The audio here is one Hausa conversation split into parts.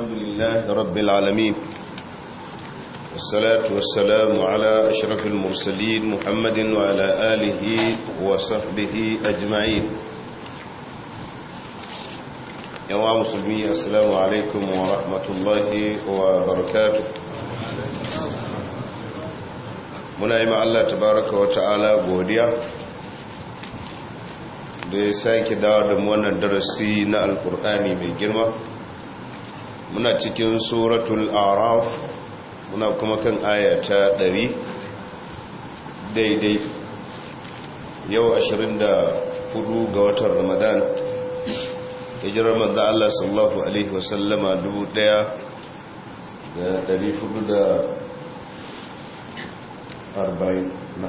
الحمد لله رب العالمين والصلاة والسلام على أشرف المرسلين محمد وعلى آله وصحبه أجمعين يا مسلمي السلام عليكم ورحمة الله وبركاته muna yi Allah tabaraka wa ta'ala godiya da ya sake dawo da wannan darasi na alkur'ani mai girma muna cikin suratul araf muna kuma kan aya ta 100 daidai yau 24 ga watan ramadan hijirar manzo Allah sallallahu alaihi wasallama 1440 na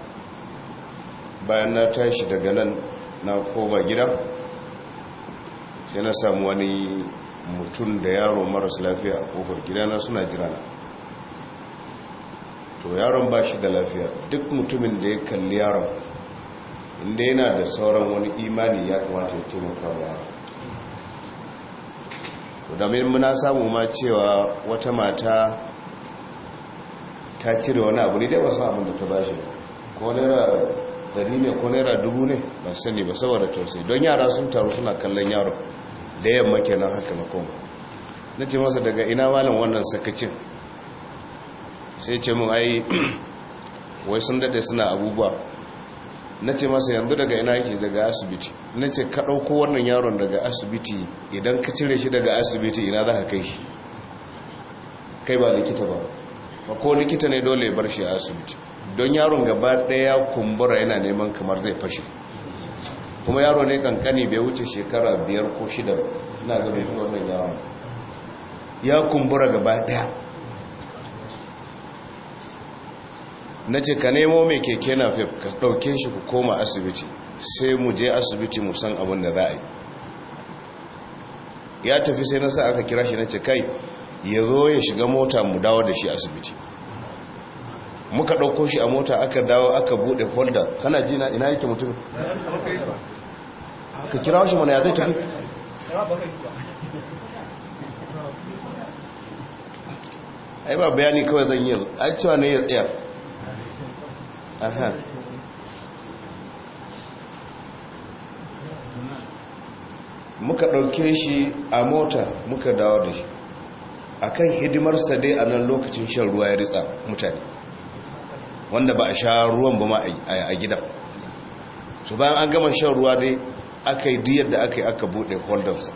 bayan na tashi daga nan na koma gida sai na samu wani mutum da yaro maras lafiya a kofar gidana suna jirana to yaron ba shi da lafiya duk mutumin da ya kalli yaron inda yana da sauran wani imani ya kamata ya taimaka wa yaron domin muna samu ma cewa wata mata ta cire wani abu ne dai wasu abin da ta bashi ko naira dari ne ko naira dubu ne ban sani ba saboda tausayi don yara sun taru suna kallon yaro da yamma kenan haka na koma na ce masa daga ina malin wannan sakacin sai ce mun ai wai sun dade suna abubuwa na ce masa yanzu daga ina yake daga asibiti na ce ka ɗauko wannan yaron daga asibiti idan ka cire shi daga asibiti ina za ka kai shi kai ba likita ba ba ko likita ne dole ya bar shi a asibiti don yaron gaba daya kumbura yana neman kamar zai fashe kuma yaro ne kankani bai wuce shekara biyar ko shida na gaba yi wannan yaron ya kumbura gaba daya na ce ka nemo mai keke na fef ka ɗauke shi ku koma asibiti sai mu je asibiti mu san abin da za a yi ya tafi sai na sa aka kira shi na ce kai ya zo ya shiga mota mu dawo da shi asibiti muka ɗauko shi a mota aka dawo aka buɗe honda kana na ina yake mutum ka kira shi mana ya zai tafi ai ba bayani kawai zan yi a cewa ne ya tsaya muka ɗauke shi a mota muka dawo da shi akan hidimarsa dai a nan lokacin shan ruwa ya ritsa mutane wanda ba a sha ruwan ba ma a gidan su bayan an gama shan ruwa dai aka yi duyar da aka yi aka buɗe holdansa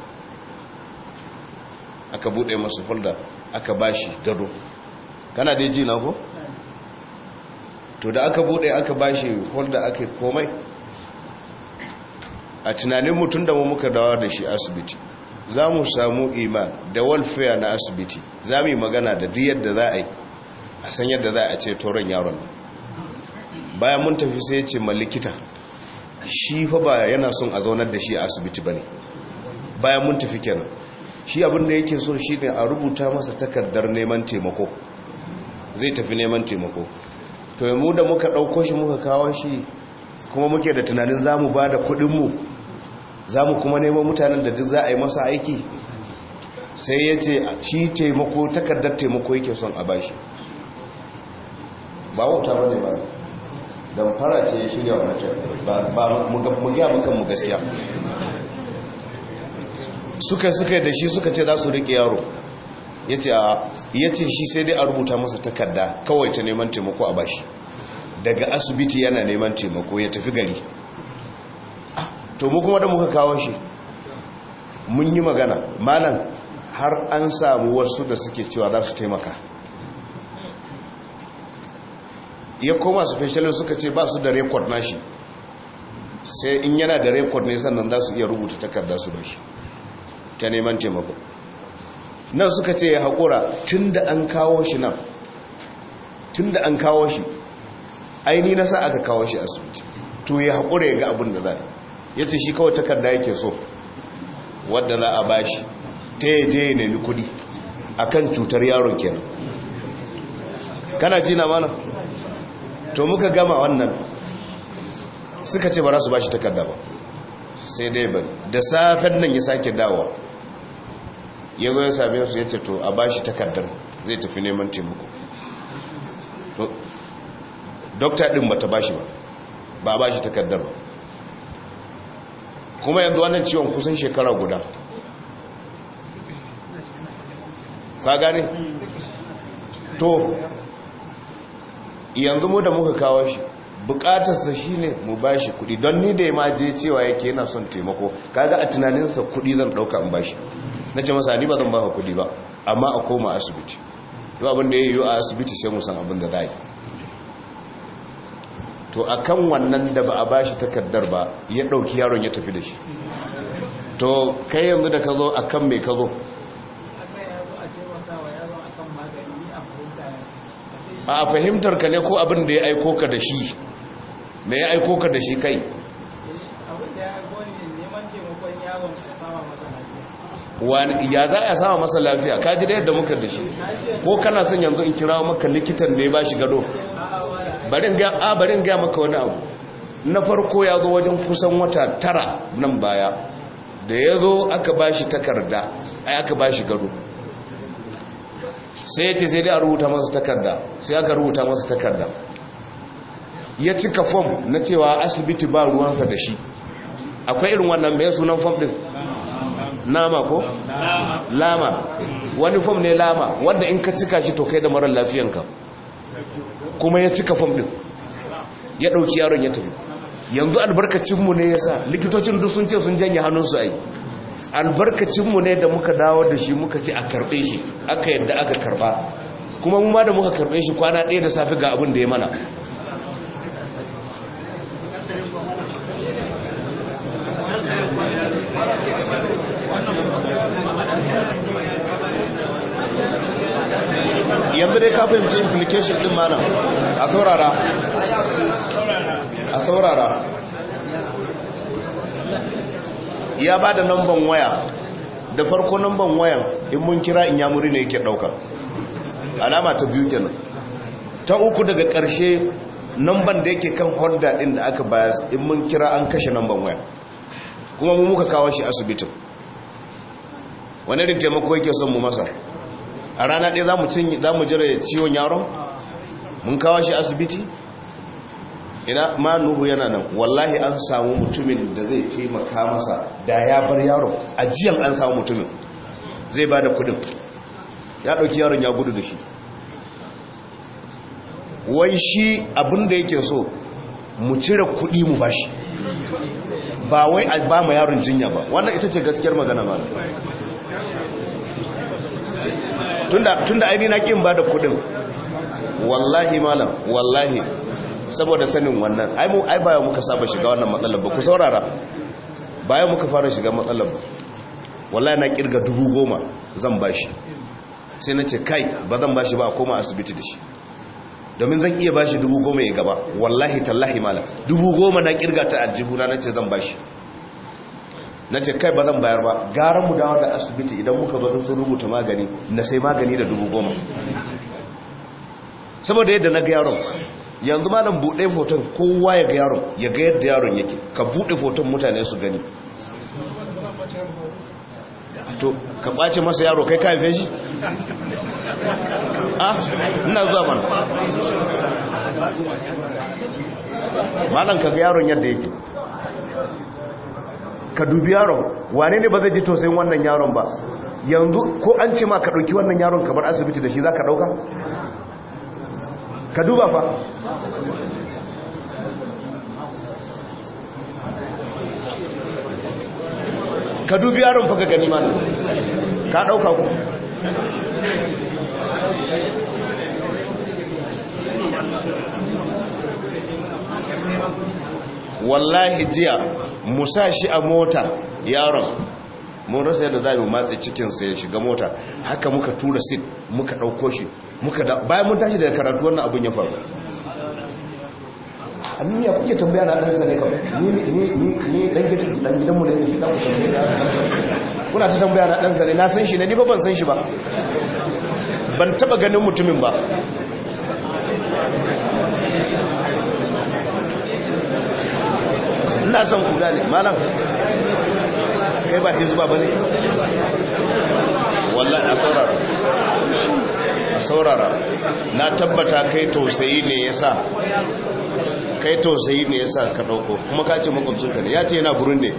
aka buɗe masu holda aka ba shi gado kana dai ji na ko? to da aka buɗe aka ba shi holda aka yi komai a tunanin mutum da mu muka dawa da shi asibiti za mu samu iman da welfare na asibiti za mu yi magana da duyar da za a yi a san yadda za a ce toron yaron bayan mun tafi sai ce ma likita shi fa ba yana son a zaunar da shi a asibiti ba ne bayan mun tafi kenan shi abin da yake so shi ne a rubuta masa takardar neman taimako zai tafi neman taimako to mu da muka ɗauko shi muka kawo shi kuma muke da tunanin za mu ba mu zamu za mu kuma neman mutanen da duk za a yi masa aiki sai ya ce shi taimako takardar taimako yake son a bashi ba wata bane ne ba don fara ce ya shirya wannan ba mu gaya mu gaskiya suka suka da shi suka ce za su riƙe yaro ya ce shi sai dai a rubuta masa takarda kawai ta neman taimako a bashi daga asibiti yana neman taimako ya tafi gari ah, to mu kuma da muka kawo shi mun yi magana malam har an samu wasu da suke cewa za su taimaka ya koma su fashilin suka ce ba su da rekod shi sai in yana da rekod ne sannan za su iya rubuta takarda su bashi ta neman taimako nan suka ce ya haƙura tun da an kawo shi nan tun da an kawo shi aini na sa aka kawo shi asibiti to ya haƙura ya ga abin da za a ya ce shi kawai takarda yake so wadda za a ba shi ta ya je ya nemi kudi a kan cutar yaron kenan kana ji na mana to muka gama wannan suka ce ba za su ba shi takarda ba sai dai bari da safen nan ya sake dawa ya zo ya same su ya ce to a ba shi takardar zai tafi neman taimako dokta din ba ta ba shi ba ba ba shi takardar ba kuma yanzu wannan ciwon kusan shekara guda ka gane to yanzu mu da muka kawo shi bukatarsa shi ne mu ba shi kudi don ni da ya maje cewa yake yana son taimako kaga a tunaninsa kudi zan dauka in ba shi na ce masa ni ba zan ba ka kudi ba amma a koma asibiti yau abin da ya yi a asibiti sai musan abin da za yi to a wannan da ba a ba shi takardar ba ya ɗauki yaron ya tafi da shi to kai yanzu da ka zo a kan mai ka zo a fahimtar ka ne ko abin da ya aiko ka da shi me ya aiko ka da shi kai ya za a sama masa lafiya ka ji da yadda muka da shi ko kana son yanzu in kira maka likitan da ya ba shi gado barin gaya maka wani abu na farko ya zo wajen kusan wata tara nan baya da ya zo aka ba shi takarda aka ba shi gado sai ya ce sai dai a rubuta masu takarda sai aka rubuta masu takarda ya cika fom na cewa asibiti ba ruwansa da shi akwai irin wannan mai sunan fom din nama ko? lama wani fom ne lama wanda in ka cika shi to kai da marar lafiyanka kuma ya cika fom din ya ɗauki yaron ya tafi yanzu albarkacinmu ne ya sa likitocin duk sun ce sun janye hannunsu ai albarkacinmu ne da muka dawo da shi muka ci a karbe shi aka yadda aka karba kuma mu ma da muka karbe shi kwana ɗaya da safi ga abin da ya mana yanzu dai ka fahimci implication din mana a saurara a saurara ya ba da namban waya da farko namban waya in mun kira in yamuri ne yake ɗauka alama ta biyu kenan ta uku daga karshe namban da yake kan holder ɗin da aka bayar in mun kira an kashe namban waya, kuma mu muka kawo shi asibitin wani irin taimako yake son mu masa a rana ɗaya za mu jira ciwon yaron mun kawo shi asibiti ina ma nuhu yana nan wallahi an samu mutumin da zai taimaka masa da ya bar yaron ajiyan an samu mutumin zai ba da kudin ya ɗauki yaron ya gudu da shi wai shi abinda yake so mu cire kudi mu ba shi ba wai a ba ma yaron jinya ba wannan ita ce gaskiyar magana ba tunda aini na kin ba da kudin wallahi malam wallahi saboda sanin wannan ai mu ai bayan muka saba shiga wannan matsalar ba ku saurara bayan muka fara shiga matsalar ba wallahi na kirga dubu goma zan bashi sai na ce kai ba zan bashi ba a koma asibiti da shi domin zan iya bashi dubu goma ya gaba wallahi tallahi malam dubu goma na kirga ta aljihu na ce zan bashi na ce kai ba zan bayar ba gara mu dawo da asibiti idan muka zo sun rubuta magani na sai magani da dubu goma saboda yadda na ga yaron yanzu malam buɗe foton kowa ya ga yaron ya ga yadda yaron yake ka buɗe foton mutane su gani to ka ɓace masa yaro kai ka haife shi a ah, ina zuwa mana malam ka ga yaron yadda yake ka dubi yaron wane ne ba zai ji tausayin wannan yaron ba yanzu ko an ce ma ka ɗauki wannan yaron kamar asibiti da shi za ka ɗauka ka duba fa ka dubi yaron faga gani ma ka ɗauka ku wallahi jiya musa shi a mota yaron mun rasa yadda za mu matse cikinsa ya shiga mota haka muka tura sit muka ɗauko shi muka bayan mun tashi daga karatu wannan abin ya faru aminiya kuke tambaya na ɗansa ne kawai ni ɗan gidanmu ne ne shi ɗan kusa ne kuna ta tambaya na ɗansa ne na san shi ne ni ba ban san shi ba ban taɓa ganin mutumin ba ina son ku gane malam kai ba hizba ba ne wallahi a saurara a saurara na tabbata kai tausayi ne ya sa kai tausayi ne yasa ka dauko kuma ka ce makwabcinka ne ya ce yana burundi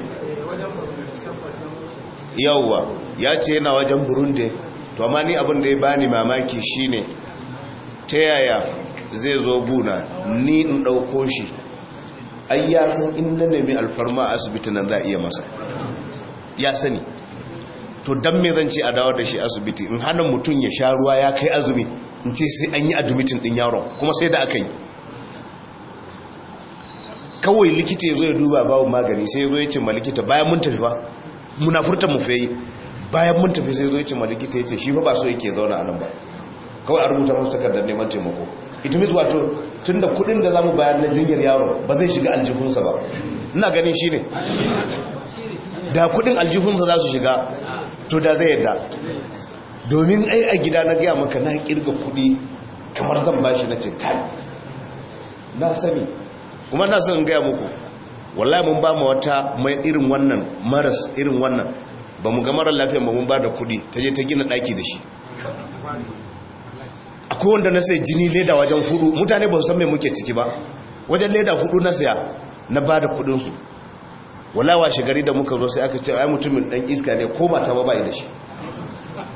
yawwa ya ce yana wajen burundi to amma ni abin da ya bani mamaki shine ta yaya zai zo guna ni in dauko shi ai ya san in nemi alfarma a asibiti nan za a iya masa ya sani to dan me zan ce a dawo da shi asibiti in hana mutum ya sha ruwa ya kai azumi in ce sai an yi admitin ɗin yaron kuma sai da aka yi kawai likita ya zo ya duba babu magani sai ya ce ma likita bayan mun tafi ba muna furta mu fayi bayan mun tafi sai zo ce ma likita ya ce shi fa ba so yake zauna a nan ba kawai a rubuta masu takardar neman taimako ita mitu wato tun da kudin da zamu bayar na jinyar yaro ba zai shiga aljihunsa ba ina ganin shi ne da kudin aljihunsa za su shiga to da zai yadda domin ai a gida na gaya maka na kirga kudi kamar zan bashi na ce kai na sani kuma na sun gaya muku wallahi mun ba mu wata mai irin wannan maras irin wannan ba mu ga marar lafiya ba mun ba da kuɗi ta je ta gina daki da shi akwai wanda na sai jini leda wajen hudu mutane ba su san mai muke ciki ba wajen leda hudu na saya na ba da wallahi wa shigari da muka zo sai aka ce ai mutumin dan iska ne ko mata ba bai da shi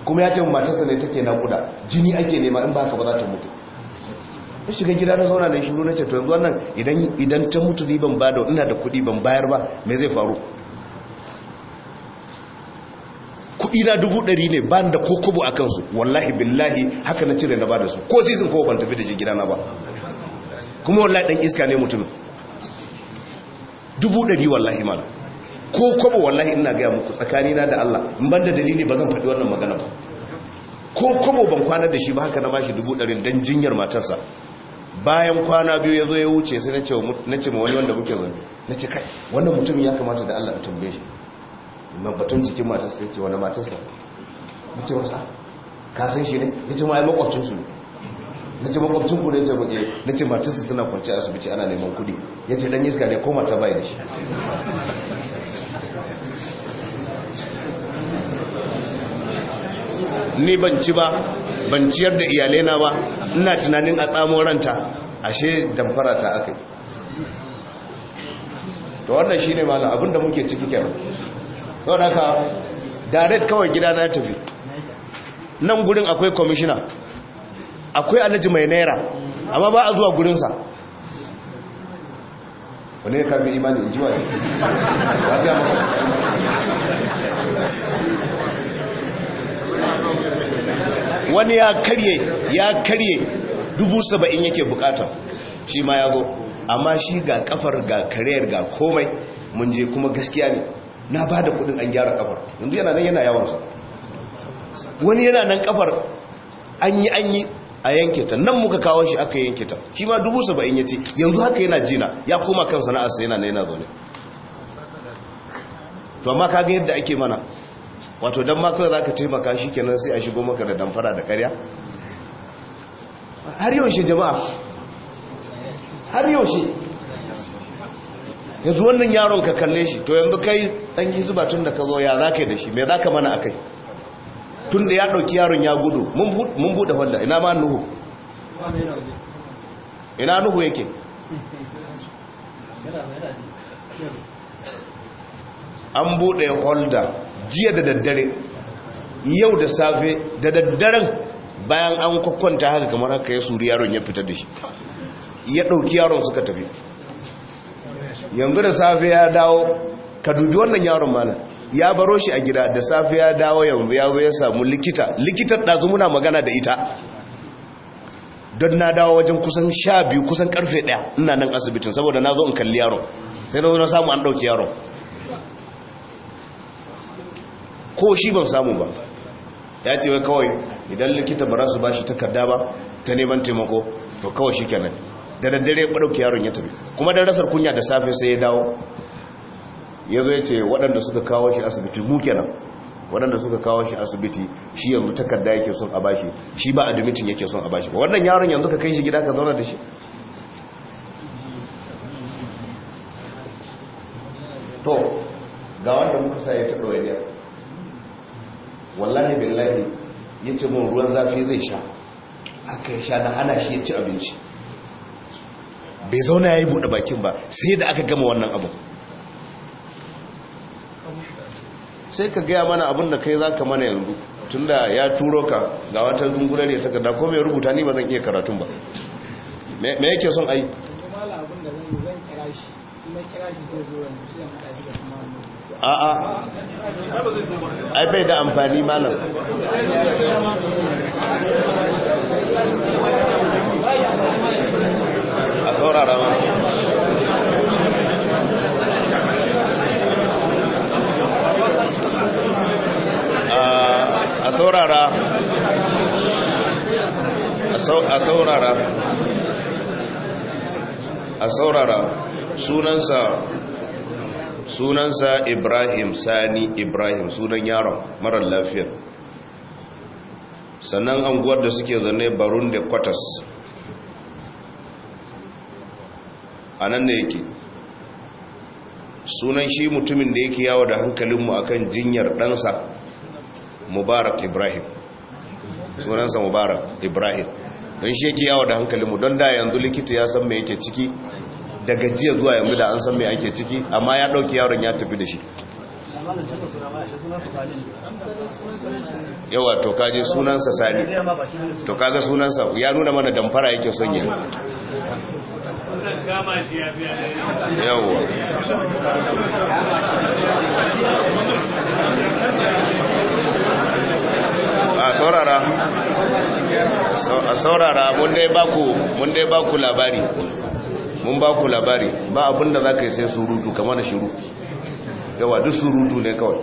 kuma ya ce matarsa ne take na nakuda jini ake nema in ba ka ba za ta mutu ya shiga gida na zauna na shiru na ce yanzu wannan idan ta mutu ni ban bada ina da kudi ban bayar ba me zai faru kudi na dubu ɗari ne ban da kokobo a kansu wallahi billahi haka na cire na bada su ko zizin ko ban tafi da shi gida na ba kuma wallahi ɗan iska ne mutum dubu ɗari wallahi ma ko kwabo wallahi ina gaya muku tsakanina da Allah in ban da dalili ba zan faɗi wannan magana ba ko kwabo ban kwana da shi ba haka na bashi dubu ɗarin don jinyar matarsa bayan kwana biyu ya zo ya wuce sai na ce ma wani wanda muke zo na ce kai wannan mutum ya kamata da allah a tambaye shi na batun jikin matarsa sai ce wani matarsa na ce wasa ka san shi ne na ce ma makwabcinsu ne na ce ku ne ce muke na ce matarsa tana kwanci asibiti ana neman kudi ya ce dan iska ne ko mata bai da shi ni ban ci ba ban ciyar da iyalena ba ina tunanin a tsamo ranta ashe damfara ta aka da wannan shi ne malam abinda muke ciki kyau sau da ka direct kawai gida na tafi nan gurin akwai kwamishina akwai alaji mai naira amma ba a zuwa gurinsa wani ya kafin imanin in ji wani ya karye ya karye dubu saba'in yake bukata shi ma ya zo amma shi ga kafar ga kariyar ga komai mun je kuma gaskiya ne na ba da kudin an gyara kafar yanzu yana nan yana yawansa wani yana nan kafar an yi an yi a yanke ta nan muka kawo shi aka yanke ta shi ma dubu saba'in ya ce yanzu haka yana jina ya koma kan sana'arsa yana na yana zaune to amma kaga yadda ake mana wato don ma za ka taimaka shi kenan sai a shigo maka da damfara da karya har yaushe jama'a har yaushe yanzu wannan yaron ka kalle shi to yanzu kai ɗan yi zuba tun da ka zo ya za ka yi da shi mai za ka mana a kai tun da ya ɗauki yaron ya gudu mun buɗe wanda ina ma nuhu ina nuhu yake an buɗe holder jiya da daddare yau da safe da daddaren bayan an kwakwanta haka kamar haka ya suri yaron ya fita da shi ya ɗauki yaron suka tafi yanzu da safe ya dawo ka dubi wannan yaron mana ya baro shi a gida da safe ya dawo yanzu ya zo ya samu likita likitar ɗazu muna magana da ita don na dawo wajen kusan sha biyu kusan karfe ɗaya ina nan asibitin saboda na zo in kalli yaron sai na zo na samu an ɗauki yaron ko shi ban samu ba ya ce wai kawai idan likita ba su ba shi takarda ba ta neman taimako to kawai shi kenan da daddare ɓarauki yaron ya tafi kuma da rasar kunya da safe sai ya dawo ya zai ce waɗanda suka kawo shi asibiti mu kenan waɗanda suka kawo shi asibiti shi yanzu takarda yake son a bashi shi ba admitin yake son a bashi ba wannan yaron yanzu ka kai shi gida ka zauna da shi to ga wanda muka sa ya taɓa wani wallahi billahi ya ce mun ruwan zafi zai sha aka ya sha na ana shi ya ci abinci bai zauna ya yi buɗe bakin ba sai da aka gama wannan abu sai ka gaya mana abin da kai za ka mana yanzu tunda ya turo ka ga wata zungura ne saka da kome rubuta ni ba zan iya karatun ba me yake son ai kuma abin da zan kira shi kuma kira shi zai zo yanzu shi da kuma a'a ai bai da amfani malam a saurara ma a saurara a saurara a saurara sunansa sunansa ibrahim sani ibrahim sunan yaron marar lafiyar sannan anguwar da suke zane barun da kwatas a nan ne yake sunan shi mutumin da yake yawo da hankalinmu a kan jinyar ɗansa mubarak ibrahim sunansa mubarak ibrahim don shi yake yawo da hankalinmu don da yanzu likita ya san mai yake ciki da gajiya zuwa yanzu da an san mai ake ciki amma ya ɗauki yaron ya tafi da shi yawa to kaje sunansa sani to kaga sunansa ya nuna mana damfara yake son yi yawa a saurara a saurara mun dai baku labari mun ba ku labari ba abinda za ka yi sai surutu kama na shiru yawa duk surutu ne kawai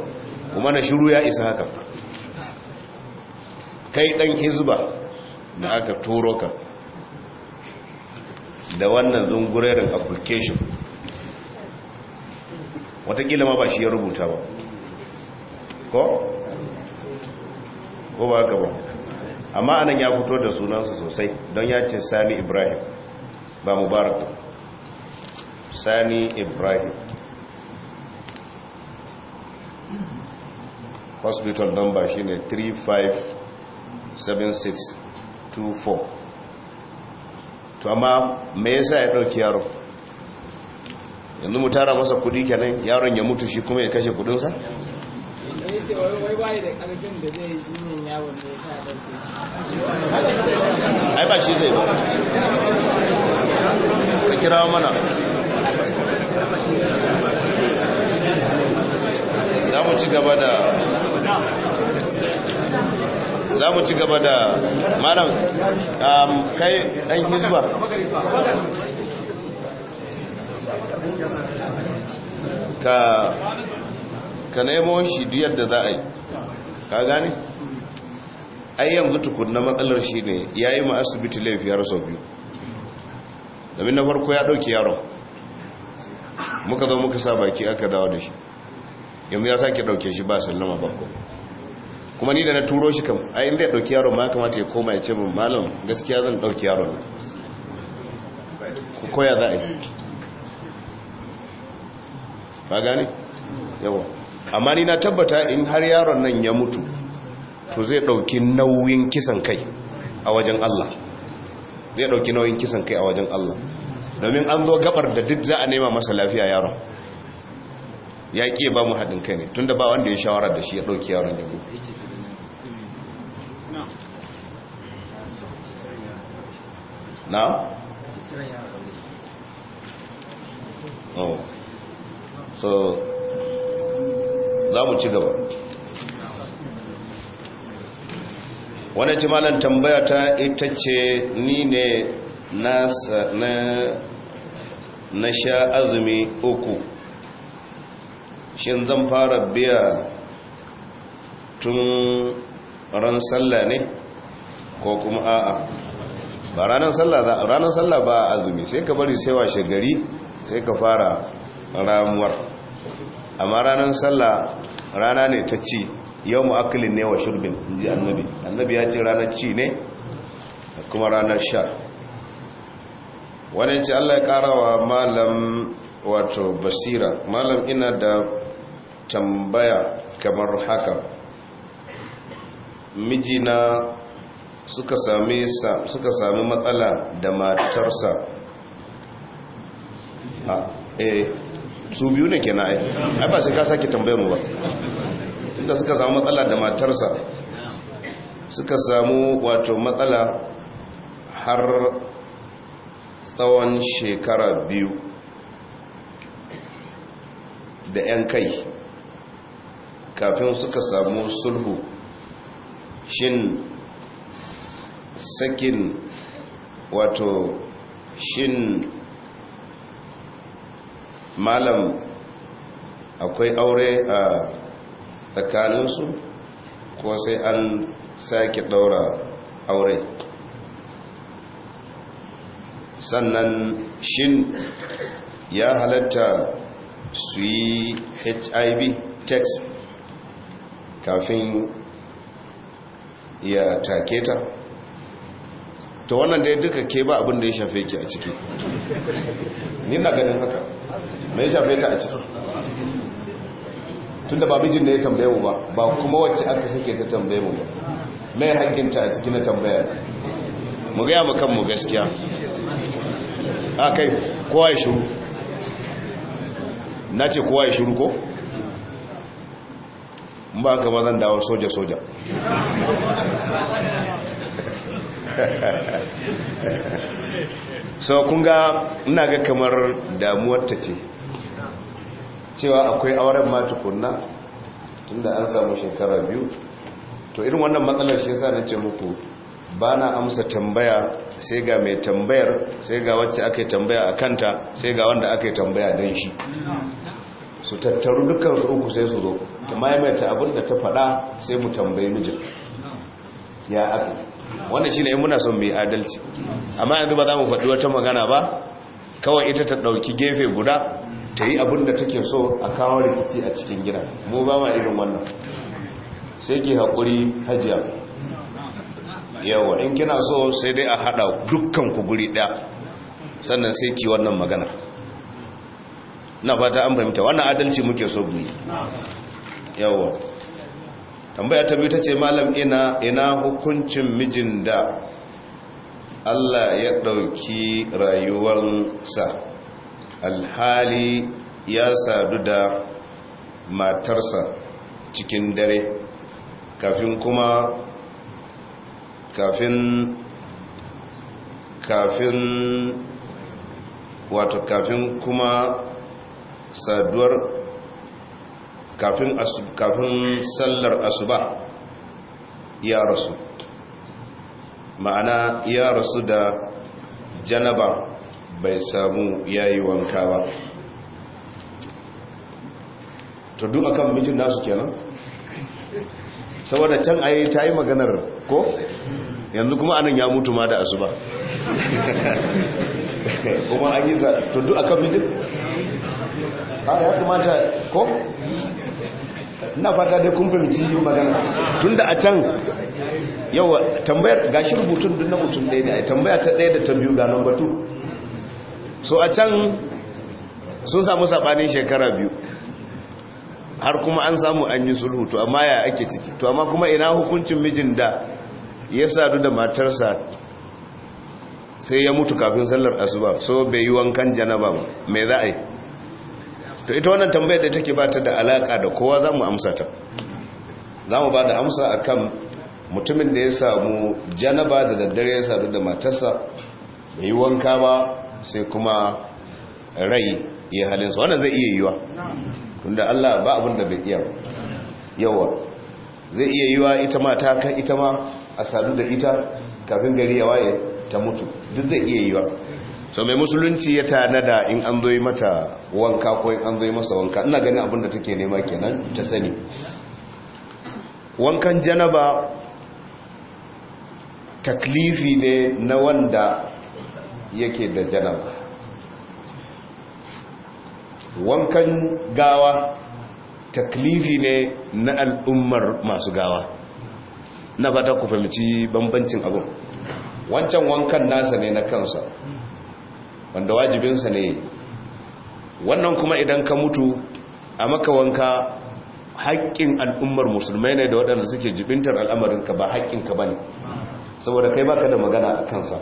kuma na shiru ya isa haka kai dan hizba da aka turo ka da wannan zungurerin application watakila ma ba shi ya rubuta ba ko? ko ba haka ba amma anan ya fito da sunansa sosai don ya ce sani ibrahim ba mubarak sani ibrahim hospital number shine 357624 to amma me yasa ya dauki yaro yanzu mu tara masa kudi kenan yaron ya mutu shi kuma ya kashe kudinsa ai ba shi zai ba ka kira mana za mu ci gaba da za um, kai ɗan hizba ka ka nemo shi duyar da za a yi ka gane ai yanzu tukunna matsalar shi ne ya yi ma asibiti laifiyar sau biyu domin na farko ya ɗauki yaron muka zo muka sa baki aka dawo da shi yanzu ya sake dauke shi ba sallama farko kuma ni da na turo shi kam a inda ya dauki yaron ma kamata ya koma ya ce min malam gaskiya zan dauki yaron nan ku koya za a yi ba gane yawa amma ni na tabbata in har yaron nan ya mutu to zai dauki nauyin kisan kai a wajen Allah zai dauki nauyin kisan kai a wajen Allah domin an zo gabar da duk za a nema masa lafiya yaron ya ƙi ba mu haɗin kai ne tunda ba wanda ya shawara da shi ya ɗauki yaron ya gudu na? oh so za mu ci gaba wani tambaya ta ita ce ni ne na na sha azumi uku shin zan fara biya tun ran sallah ne ko kuma a'a ba ranar sallah za ranar sallah ba azumi sai ka bari sai washe gari sai ka fara ramuwar amma ranar sallah rana ne ta ci yau mu'akilin ne wa shirbin inji annabi annabi ya ce ranar ci ne kuma ranar sha wani ce allah ya kara wa malam wato basira malam ina da tambaya kamar haka mijina suka sami matsala da matarsa a eh su biyu ne kenan ai ai ba sai ka saki tambayar mu ba inda suka samu matsala da matarsa suka samu wato matsala har tsawon shekara biyu da 'yan kai kafin suka samu sulhu shin sakin wato shin malam akwai aure a tsakaninsu ko sai an sake daura aure sannan shin ya halatta su yi hiv text kafin ya take ta ta wannan da ya duka ke ba abin da ya shafe ki a ciki ni na ganin haka mai shafe ta a ciki tun da babijin da ya tambaye mu ba ba kuma wacce aka suke ta tambaye mu ba mai hankinta a ciki na tambaya mu gaya mu mu gaskiya a kai kowa ya shuru na ce kowa ya shuru ko? ba ka ba zan dawo soja-soja so ga ina ga kamar damuwar ta ce cewa akwai auren ma tukunna tunda an samu shekara biyu to irin wannan matsalar shi yasa na ce muku ba na amsa tambaya sai ga mai tambayar sai ga wacce ake tambaya a kanta sai ga wanda ake tambaya don shi su tattaru dukkan su uku sai su zo ta maimaita abin da ta faɗa sai mu tambayi mijin ya aka Wanda shi ne muna son mai adalci amma yanzu ba za mu faɗi wata magana ba kawai ita ta ɗauki gefe guda ta yi abin da take so a kawo rikici a cikin gida mu ba ma irin wannan sai ke haƙuri hajiya yawa in kina so sai dai a hada dukkan ku guri daya sannan sai ki wannan magana na fata an fahimta wannan adalci muke so mu yi yawa tambaya ta biyu tace malam ina ina hukuncin mijin da Allah ya dauki rayuwarsa alhali ya sadu da matarsa cikin dare kafin kuma kafin kafin wato kafin kuma saduwar kafin kafin sallar asuba ya rasu ma'ana ya rasu da janaba bai samu yayi wanka ba to duk akan mijin nasu kenan saboda can ayi ta yi maganar ko yanzu kuma anan ya mutu ma da asuba kuma an yi sa to duk akan mijin ha ah, ya kamata ko ina fata dai kun fahimci yin magana tunda a can yau tambayar shi rubutun duk na mutum ɗaya ne tambaya ta ɗaya da ta biyu ga lambatu so a can sun samu sabanin shekara biyu har kuma an samu an yi sulhu to amma ya ake ciki to amma kuma ina hukuncin mijin da ya sadu da matarsa sai ya mutu kafin sallar asuba so bai yi wankan janaba mai za yi to ita wannan tambayar da take bata da alaka da kowa za mu amsa ta za mu ba da amsa a kan mutumin da ya samu janaba da daddare ya sadu da matarsa bai yi wanka ba sai kuma rai ya halinsa wannan zai iya yiwa tunda Allah ba abin da bai iya yawa zai iya yiwa ita ma ta kan ita ma a sadu da ita kafin gari ya waye ta mutu duk zai iya yi yiwa so mai musulunci ya tanada in an zo mata wanka ko in an zo masa wanka ina ganin abin da take nema kenan ta sani wankan janaba taklifi ne na wanda yake da janaba wankan gawa taklifi ne na al'ummar masu gawa na fata ku fahimci bambancin abin wancan wankan nasa ne na kansa wanda wajibinsa ne wannan kuma idan ka mutu a maka wanka haƙƙin al'ummar musulmai ne da waɗanda suke jibintar al'amarinka ba haƙƙinka ba ne saboda kai baka da magana a kansa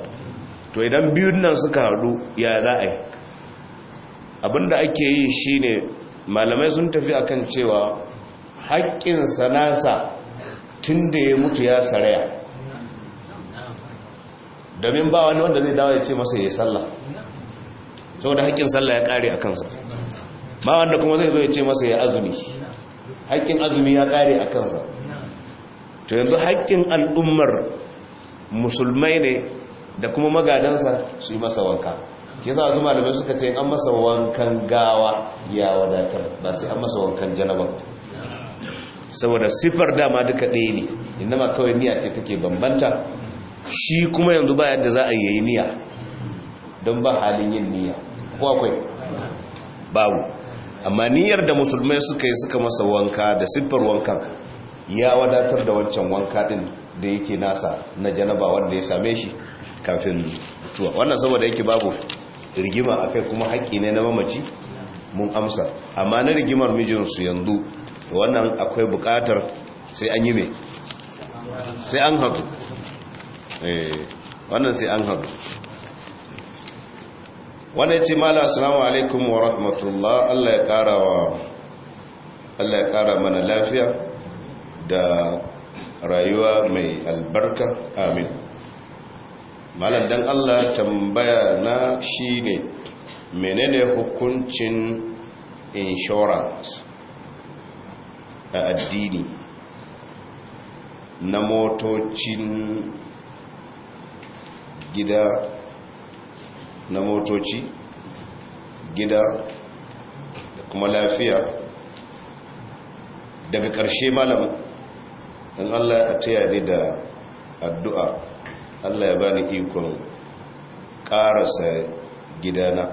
to idan biyun nan suka haɗu ya za a yi abinda ake yi shine malamai sun tafi akan cewa haƙƙin sanasa tun da ya mutu ya saraya domin ba wani wanda zai dawa ya ce masa ya sallah saboda haƙƙin sallah ya ƙare a kansa ba wanda kuma zai zo ya ce masa ya azumi haƙƙin azumi ya ƙare a kansa to yanzu haƙƙin al'ummar musulmai ne da kuma magadansa su yi masa wanka ke sa zuma da suka ce an masa wankan gawa ya wadatar ba sai an masa wankan janabar saboda sifar dama duka ɗaya ne ma kawai niyya ce take bambanta shi kuma yanzu ba yadda za a yi niyya don ba halin yin niyya ko akwai babu amma niyyar da musulmai suka yi suka masa wanka da siffar wankan ya wadatar da wancan wanka ɗin da yake nasa na janaba wanda ya same shi kafin mutuwa wannan saboda yake babu rigima akai kuma haƙƙi ne na mamaci mun amsa amma na rigimar mijinsu yanzu wannan akwai bukatar sai an yi mai sai an haɗu eh, wannan sai an haɗu wannan ce mala assalamu alaikum wa rahmatullah Allah ya ƙara wa Allah ya ƙara mana lafiya da rayuwa mai albarka amin malam dan Allah tambaya na shine menene hukuncin insurance a addini na motocin gida na motoci gida da kuma lafiya daga ƙarshe malam in allah ya taya ni da addu'a allah ya bani ikon ƙarasa gidana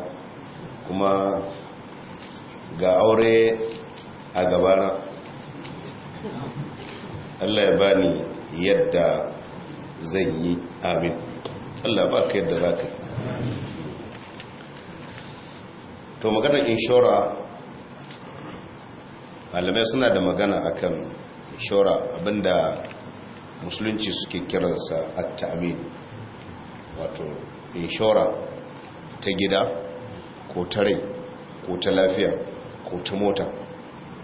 kuma ga aure a gabana Allah ya bani yadda zan yi amin Allah ba ka yadda za ka to maganar inshora malamai suna da magana akan inshora abinda musulunci suke kiransa atta amin, wato inshora ta gida ko ta rai ko ta lafiya ko ta mota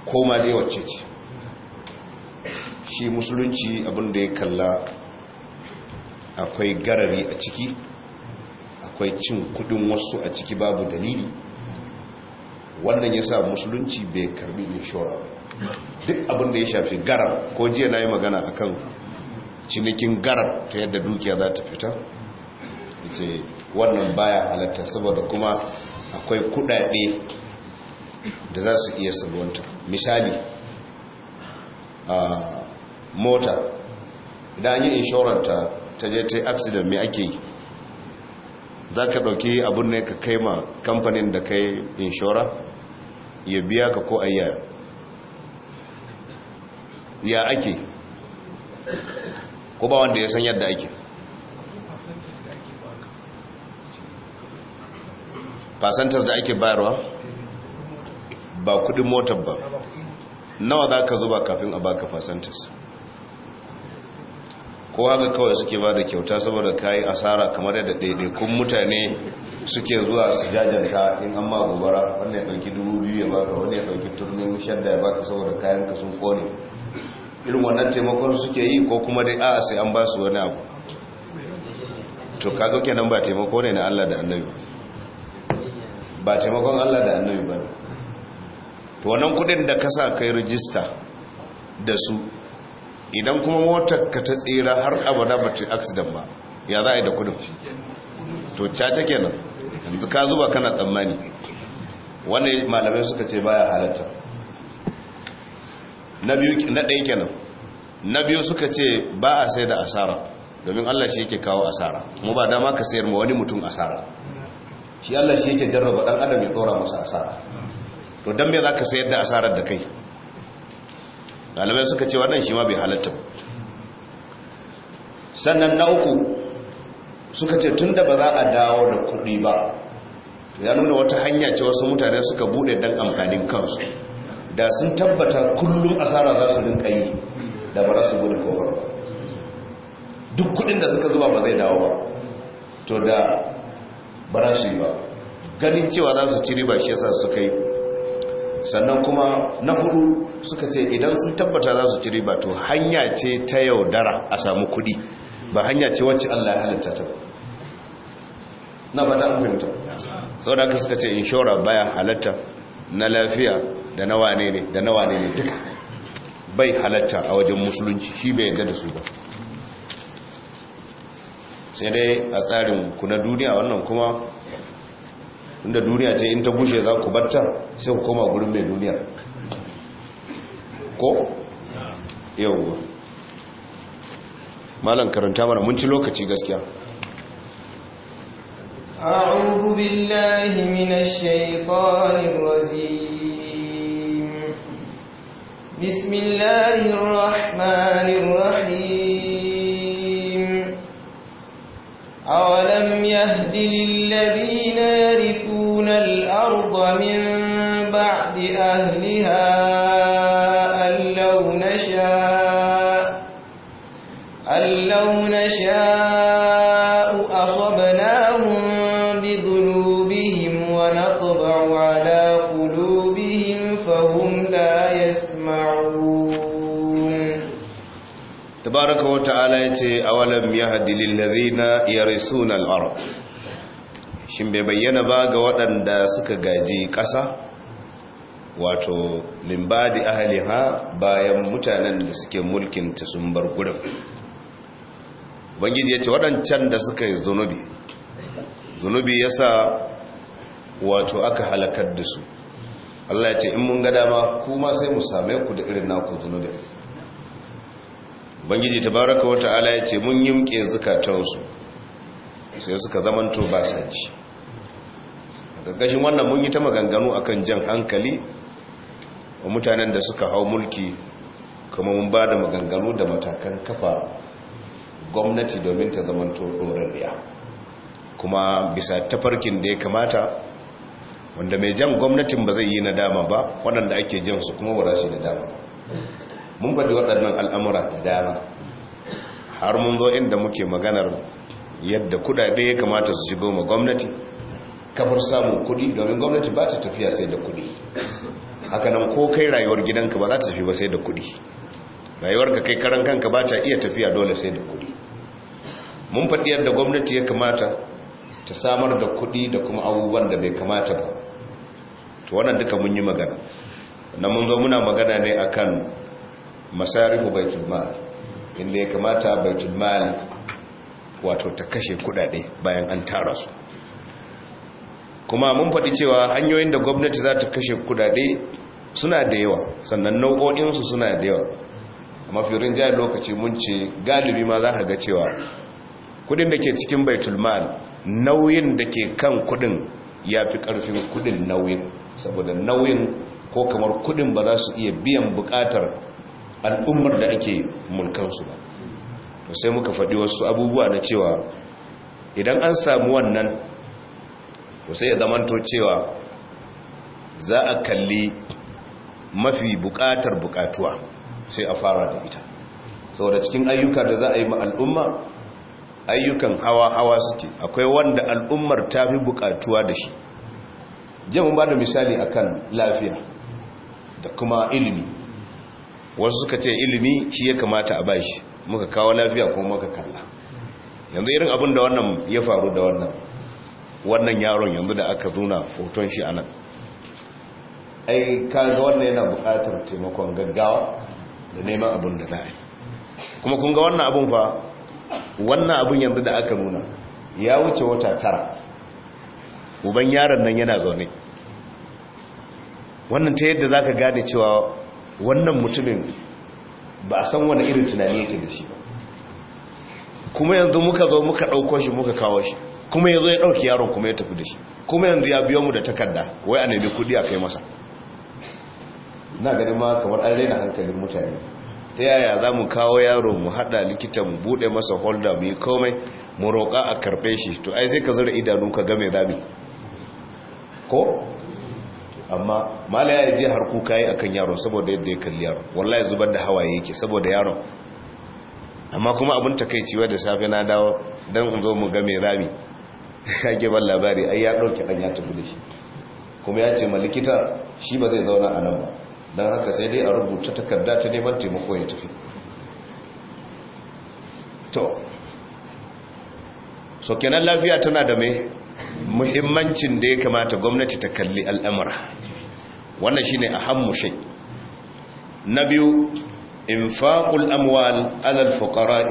ko ma dai wacce ce shi musulunci abinda ya kalla akwai garari a ciki akwai cin kudin wasu a ciki babu dalili wannan ya sa musulunci bai karbi inshora duk abinda ya shafi garar ko jiya na yi magana a kan cinikin garar ta yadda dukiya za ta fita ita wannan baya halatta saboda kuma akwai kudade da za su iya sabuwanta misali a mota idan an yi inshoranta ta je ta accident mai ake yi za ka ɗauki abin ne ka kai ma kamfanin da ka yi inshora ya biya ka ko ayya ya ake ko ba wanda ya san yadda ake fasantar da ake bayarwa ba kudin motar ba nawa za ka zuba kafin a baka fasantar kowa ga kawai suke ba da kyauta saboda kayi asara kamar yadda ɗaiɗaikun mutane suke zuwa su jajanta in an ma gobara wannan ya ɗauki dubu biyu ya baka wani ya ɗauki turmin shadda ya baka saboda kayan ka sun kone irin wannan taimakon suke yi ko kuma dai a sai an ba su wani abu to kaga kenan ba taimako ne na Allah da annabi ba taimakon Allah da annabi ba to wannan kudin da ka sa kai rijista da su idan kuma motar ka ta tsira har abada ba ta accident ba ya za a yi da kudin to caca kenan yanzu ka zuba kana tsammani wani malamai suka ce baya halatta na ɗaya kenan na biyu suka ce ba a sai da asara domin allah shi yake kawo asara mu ba dama ka sayar ma wani mutum asara shi allah shi yake jarraba ɗan adam ya ɗora masa asara to don me za ka sayar da asarar da kai Dalibai suka ce wannan shi ma bai halatta ba sannan na uku suka ce tun da ba za a dawo da kuɗi ba ya nuna wata hanya ce wasu mutane suka bude dan amfanin kansu da sun tabbata kullum asara za su rinka yi da ba su buɗe kofar ba duk kuɗin da suka zuba ba zai dawo ba to da ba za su yi ba ganin cewa za su ciri ba shi yasa suka yi sannan kuma na hudu suka ce idan sun tabbata za su ciri ba to hanya ce ta yaudara a samu kudi ba hanya ce wacce Allah ya halitta ta na ba fahimta sau da aka suka ce inshora baya halatta na lafiya da na wane ne da na wane ne duka bai halatta a wajen musulunci shi bai yadda da su ba sai dai a tsarin ku na duniya wannan kuma inda duniya ce in ta bushe za ku batta sai ku koma gurin mai duniyar ko? yauwa Malam karanta mana mun ci lokaci gaskiya أعوذ بالله من الشيطان الرجيم بسم الله الرحمن الرحيم أولم يهد للذين يرثون الأرض من بعد أهلها tabaraka wa ta'ala yace awalam yahdi lil ladina yarisuna al ard shin bai bayyana ba ga waɗanda suka gaji ƙasa wato min badi ha bayan mutanen da suke mulkin ta sun bar gurin ya yace waɗancan da suka yi zunubi zunubi yasa wato aka halakar da su Allah ya ce in mun ga dama kuma sai mu same ku da irin naku zunubin ubangiji tabaraka wata ala ya ce mun yimke zukatansu sai suka zamanto ba sa ji gaggashin wannan mun yi ta maganganu a kan jan hankali wa mutanen da suka hau mulki kuma mun ba da maganganu da matakan kafa gwamnati domin ta zamanto ɗorarriya kuma bisa tafarkin da ya kamata wanda mai jan gwamnatin ba zai yi na dama ba waɗanda ake jansu kuma wura shi na dama mun faɗi waɗannan al'amura da dama har mun zo inda muke maganar yadda kudade ya kamata su shigo ma gwamnati kafar samun kudi domin gwamnati ba ta tafiya sai da kudi hakanan ko kai rayuwar gidanka ba za ta tafi ba sai da kudi rayuwar ka kai karan kanka ba ta iya tafiya dole sai da kudi mun faɗi yadda gwamnati ya kamata ta samar da kudi da kuma abubuwan da bai kamata ba to wannan duka mun yi magana nan mun zo muna magana ne akan masarifu baitul mal inda ya kamata baitul mal wato ta kashe kudade bayan an tara su kuma mun faɗi cewa hanyoyin da gwamnati za ta kashe kudade suna da yawa sannan nau'o'insu suna da yawa a mafirin jayar lokaci mun ce galibi ma za ka ga cewa kudin da ke cikin baitul mal nauyin da ke kan kudin ya fi ƙarfin kudin nauyin saboda nauyin ko kamar kudin ba za su iya biyan bukatar al'ummar da ake mulkansu ba to sai muka faɗi wasu abubuwa na cewa idan an samu wannan to sai ya zamanto cewa za a kalli mafi buƙatar buƙatuwa sai a fara da ita saboda cikin ayyuka da za a yi ma al'umma ayyukan hawa-hawa suke akwai wanda al'ummar ta fi buƙatuwa da shi jamin ba da misali akan lafiya da kuma ilimi wasu suka ce ilimi shi ya kamata a bashi muka kawo lafiya ko muka kalla yanzu irin abin da wannan ya faru da wannan wannan yaron yanzu da aka zuna hoton shi anan ai kaga wannan yana buƙatar taimakon gaggawa da neman abin da za a yi kuma kun ga wannan abin fa wannan abin yanzu da aka nuna ya wuce wata tara uban yaron nan yana zaune wannan ta yadda za ka gane cewa wannan mutumin ba a san wani irin tunani yake da shi ba kuma yanzu muka zo muka ɗauko shi muka kawo shi kuma yanzu ya ɗauki yaron kuma ya tafi da shi kuma yanzu ya biyo mu da takarda wai a nemi kudi a kai masa na ganin ma kamar an raina hankalin mutane ta yaya za mu kawo yaro mu haɗa likita mu buɗe masa holda mu yi komai mu roƙa a karɓe shi to ai sai ka zura idanu ka game zami ko amma mala ya je har kuka yi akan yaron saboda yadda ya kalli yaron wallahi zubar da hawaye yake saboda yaron amma kuma abin takeici da safe na dawo don in zo mu ga mai rami ya ban labari ai ya ɗauki ɗan ya tafi da shi kuma ya ce ma likita shi ba zai zauna a nan ba don haka sai dai a rubuta takarda ta neman taimako ya tafi to so kenan lafiya tana da mai muhimmancin da ya kamata gwamnati ta kalli al'amura wannan shine a shay na biyu infaqul amwal ala al-fuqara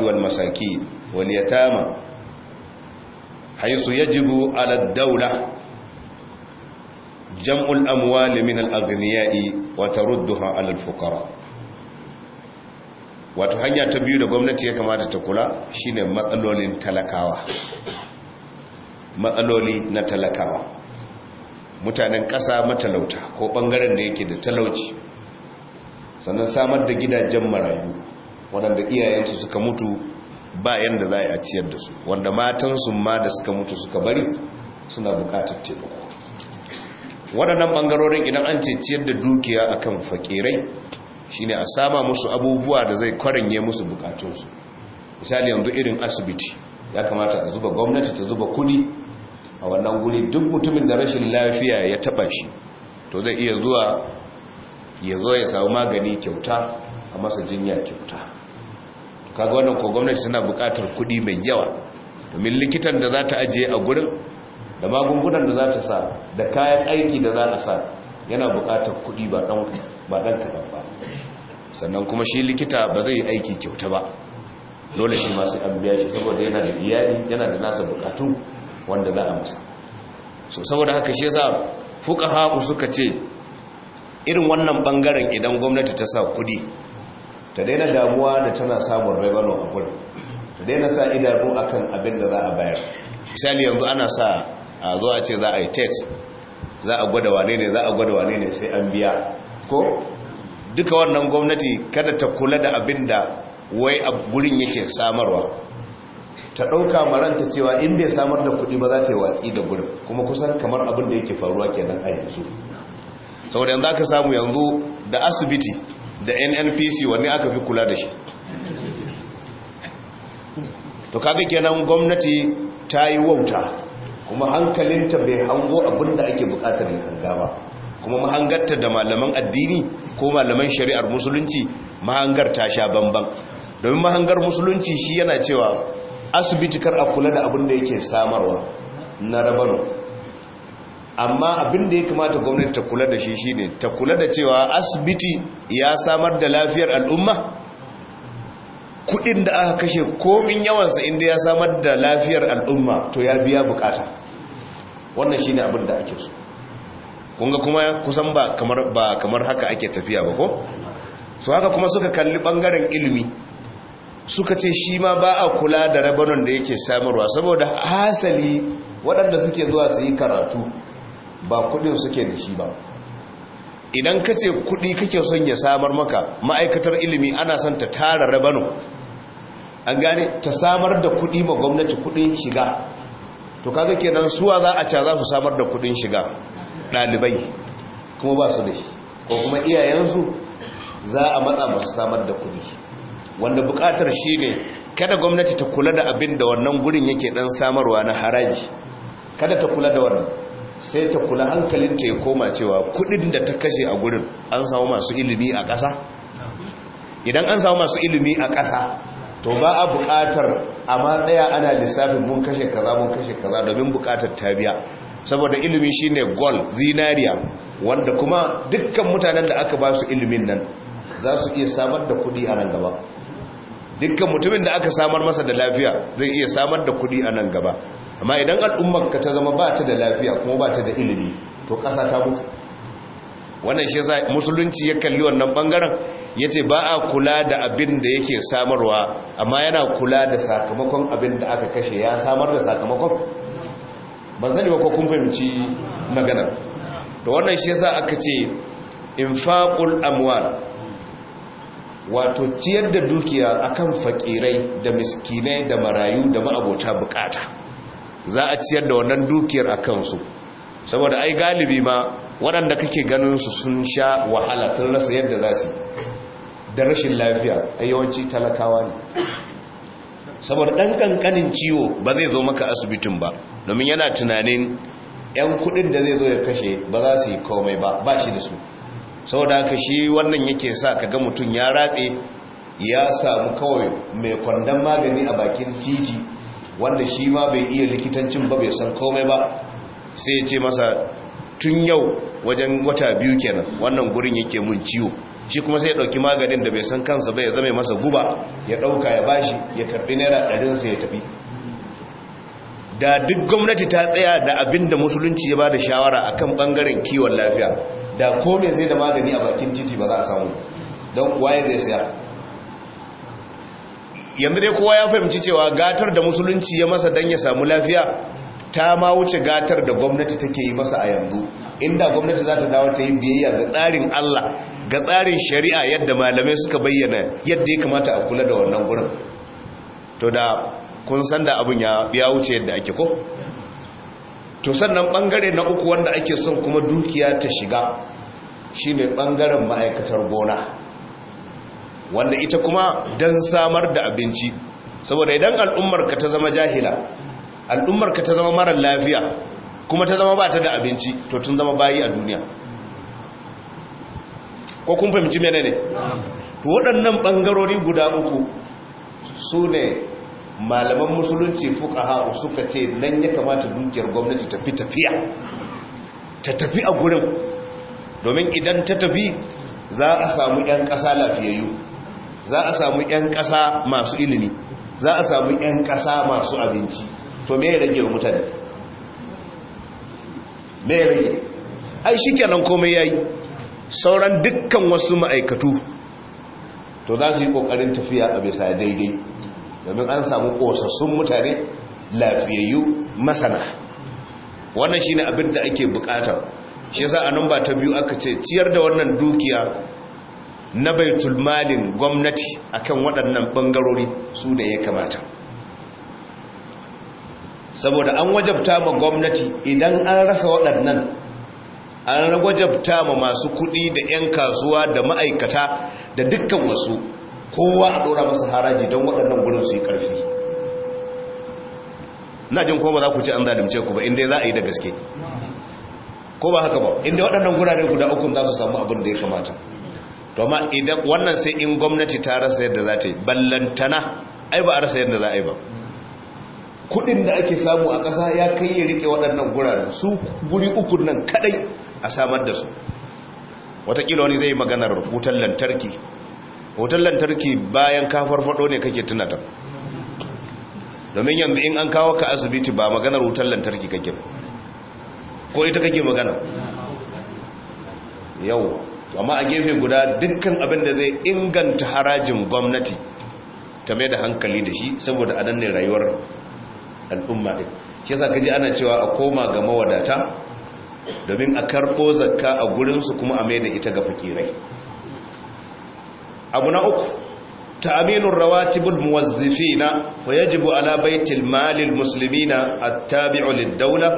jam'ul amwal min al wata wa tarudduha ala al wato hanya ta biyu da gwamnati ya kamata ta kula shine matsalolin talakawa matsaloli na talakawa mutanen ƙasa matalauta ko ɓangaren da yake da talauci sannan samar da gidajen marayu waɗanda iyayensu suka mutu ba yadda za a ciyar da su wanda matansu ma da suka mutu suka bari suna buƙatar taimako waɗannan ɓangarorin idan an ce ciyar da dukiya a kan fakirai shine a sama musu abubuwa da zai kwaranye musu bukatunsu misali yanzu irin asibiti ya kamata a zuba gwamnati ta zuba kuni. a wannan guri duk mutumin da rashin lafiya ya taba shi to zai iya zuwa ya zo ya samu magani kyauta a masa jinya kyauta kaga wannan ko gwamnati suna buƙatar kuɗi mai yawa domin likitan da za ta ajiye a gurin da magungunan da za ta sa da kayan aiki da za ta sa yana buƙatar kuɗi ba ɗan kaɗan ba sannan kuma shi likita ba zai yi aiki kyauta ba dole shi masu an biya shi saboda yana da iyali yana da nasa buƙatu wanda za a masa so saboda haka shi fuka haku suka ce irin wannan bangaren idan gwamnati ta sa kudi ta daina damuwa da tana samun raibano a gurin ta daina sa idanu kan abin da za a bayar misali yanzu ana sa a zo a ce za a yi teks za a gwada wane ne za a gwada wane ne sai an biya ko duka wannan gwamnati kada ta kula da abin da wai a gurin yake samarwa ta ɗauka maranta cewa in bai samar da kuɗi ba za ta yi watsi da gudun kuma kusan kamar abin da yake faruwa kenan a yanzu saboda yanzu aka samu yanzu da asibiti da nnpc wanne aka fi kula da shi to kaga kenan gwamnati ta yi wauta kuma hankalinta bai hango abin da ake bukatar yin hanga ba kuma mahangarta da malaman addini ko malaman shari'ar musulunci mahangar ta sha bamban domin mahangar musulunci shi yana cewa asibiti kar a kula da abin da yake samarwa na rabano amma abin da ya kamata gwamnati ta kula da shi shine ta kula da cewa asibiti ya samar da lafiyar al'umma kudin da aka kashe komin yawansa inda ya samar da lafiyar al'umma to ya biya bukata wannan shine abin da ake so kunga kuma kusan ba kamar haka ake tafiya ba ko Su haka kuma suka kalli bangaren ilimi suka ce shi ma ba a kula da rabanon da yake samarwa saboda hasali waɗanda suke zuwa su yi karatu ba kudin suke da shi ba idan ka ce kudi kake son ya samar maka ma'aikatar ilimi ana son ta tara rabano an gane ta samar da kudi ma gwamnati kudin shiga to kaga kenan suwa za a ca za su samar da kudin shiga ɗalibai kuma ba su da shi ko kuma iyayensu za a matsa masu samar da kudi wanda bukatar shi ne kada gwamnati ta kula da abin da wannan gurin yake dan samarwa na haraji kada ta kula da wannan sai ta kula hankalinta ya koma cewa kudin da ta kashe a gurin an samu masu ilimi a ƙasa idan an samu masu ilimi a ƙasa to ba a bukatar a matsaya ana lissafin mun kashe kaza mun kashe kaza domin bukatar tabiya saboda ilimi shine gol, zinariya wanda kuma dukkan mutanen da aka ba su ilimin nan za su iya samar da kudi a nan gaba dukkan mutumin da aka samar masa da lafiya zai iya samar da kuɗi a nan gaba amma idan al'ummar ka ta zama ba ta da lafiya kuma ba ta da ilimi to ƙasa ta mutu wannan shi yasa musulunci ya kalli wannan bangaren yace ba a kula da abin da yake samarwa amma yana kula da sakamakon abin da aka kashe ya samar da sakamakon ban sani ba ko kun fahimci maganar to wannan shi yasa aka ce infaqul amwal wato ciyar da dukiya akan fakirai da miskinai da marayu da ma'abota bukata za a ciyar da wannan dukiyar a kansu saboda ai galibi ma waɗanda kake ganin su sun sha wahala sun rasa yadda za su da rashin lafiya a yawanci talakawa ne saboda ɗan ƙanƙanin ciwo ba zai zo maka asibitin ba domin yana tunanin 'yan kuɗin da zai zo ya kashe ba za su yi komai ba ba shi da su Sau da haka shi wannan yake sa kaga mutum ya ratse ya samu kawai mai kwandon magani a bakin titi wanda shi ma bai iya likitancin ba bai san komai ba sai ya ce masa tun yau wajen wata biyu kenan wannan gurin yake mun ciwo shi kuma sai ya dauki maganin da bai san kansa bai ya zama masa guba ya dauka ya bashi ya karbi naira ɗarin sai ya tafi da duk gwamnati ta tsaya da abin da musulunci ya ba da shawara akan bangaren kiwon lafiya da kome zai da magani a bakin titi ba za a samu don waye zai saya yanzu dai kowa ya fahimci cewa gatar da musulunci ya masa don ya samu lafiya ta ma wuce gatar da gwamnati take yi masa a yanzu inda gwamnati za ta dawo ta yi biyayya ga tsarin Allah ga tsarin shari'a yadda malamai suka bayyana yadda ya kamata a kula da wannan gurin to da kun san da abin ya wuce yadda ake ko to sannan bangare na uku wanda ake son kuma dukiya ta shiga shi mai bangaren ma'aikatar gona wanda ita kuma don samar da abinci saboda idan al'ummarka ta zama jahila al'ummarka ta zama marar lafiya kuma ta zama ba ta da abinci to tun zama bayi a duniya ko kun fahimci mene ne to waɗannan ɓangarori guda uku su ne malaman musulunci haru suka ce nan ya kamata dukiyar gwamnati tafi tafiya ta tafi a gurin domin idan ta tafi za a samu 'yan ƙasa lafiyayyu za a samu 'yan ƙasa masu ilimi za a samu 'yan ƙasa masu abinci to me ya rage mutane me ya rage ai shi kenan komai ya yi sauran dukkan wasu ma'aikatu to za su yi ƙoƙarin tafiya a bisa daidai domin an samu ƙosassun mutane lafiyayyu masana wannan shine abin da ake bukata shi yasa a namba ta biyu aka ce ciyar da wannan dukiya na bai malin gwamnati a kan waɗannan bangarori su da ya kamata saboda an wajabta ma gwamnati idan an rasa waɗannan an wajabta ma masu kuɗi da 'yan kasuwa da ma'aikata da dukkan wasu kowa a dora masa haraji don waɗannan gudun su yi ƙarfi na jin kuma ba za ku ce an zalimce ku ba inda za a yi da gaske ko ba haka ba inda waɗannan gurare guda ukun za su samu abin da ya kamata to ma idan wannan sai in gwamnati ta rasa yadda za ta yi ballantana ai ba a rasa yadda za a yi ba kudin da ake samu a ƙasa ya kai ya rike waɗannan guraren su guri ukun nan kadai a samar da su watakila wani zai maganar wutan lantarki hoton lantarki bayan ka farfado ne kake tunata domin yanzu in an kawo ka asibiti ba maganar wutar lantarki kake ko ita kake magana yau amma a gefe guda dukkan abin da zai inganta harajin gwamnati ta mai da hankali da shi saboda a ne rayuwar al'umma ɗin shi yasa kaji ana cewa a koma ga mawadata domin a karɓo zakka a gurinsu kuma a mai da ita ga fakirai abu na uku ta ta'minur rawatibul muwazzifina fa yajibu ala baitil malil muslimina a tabiu lid-dawla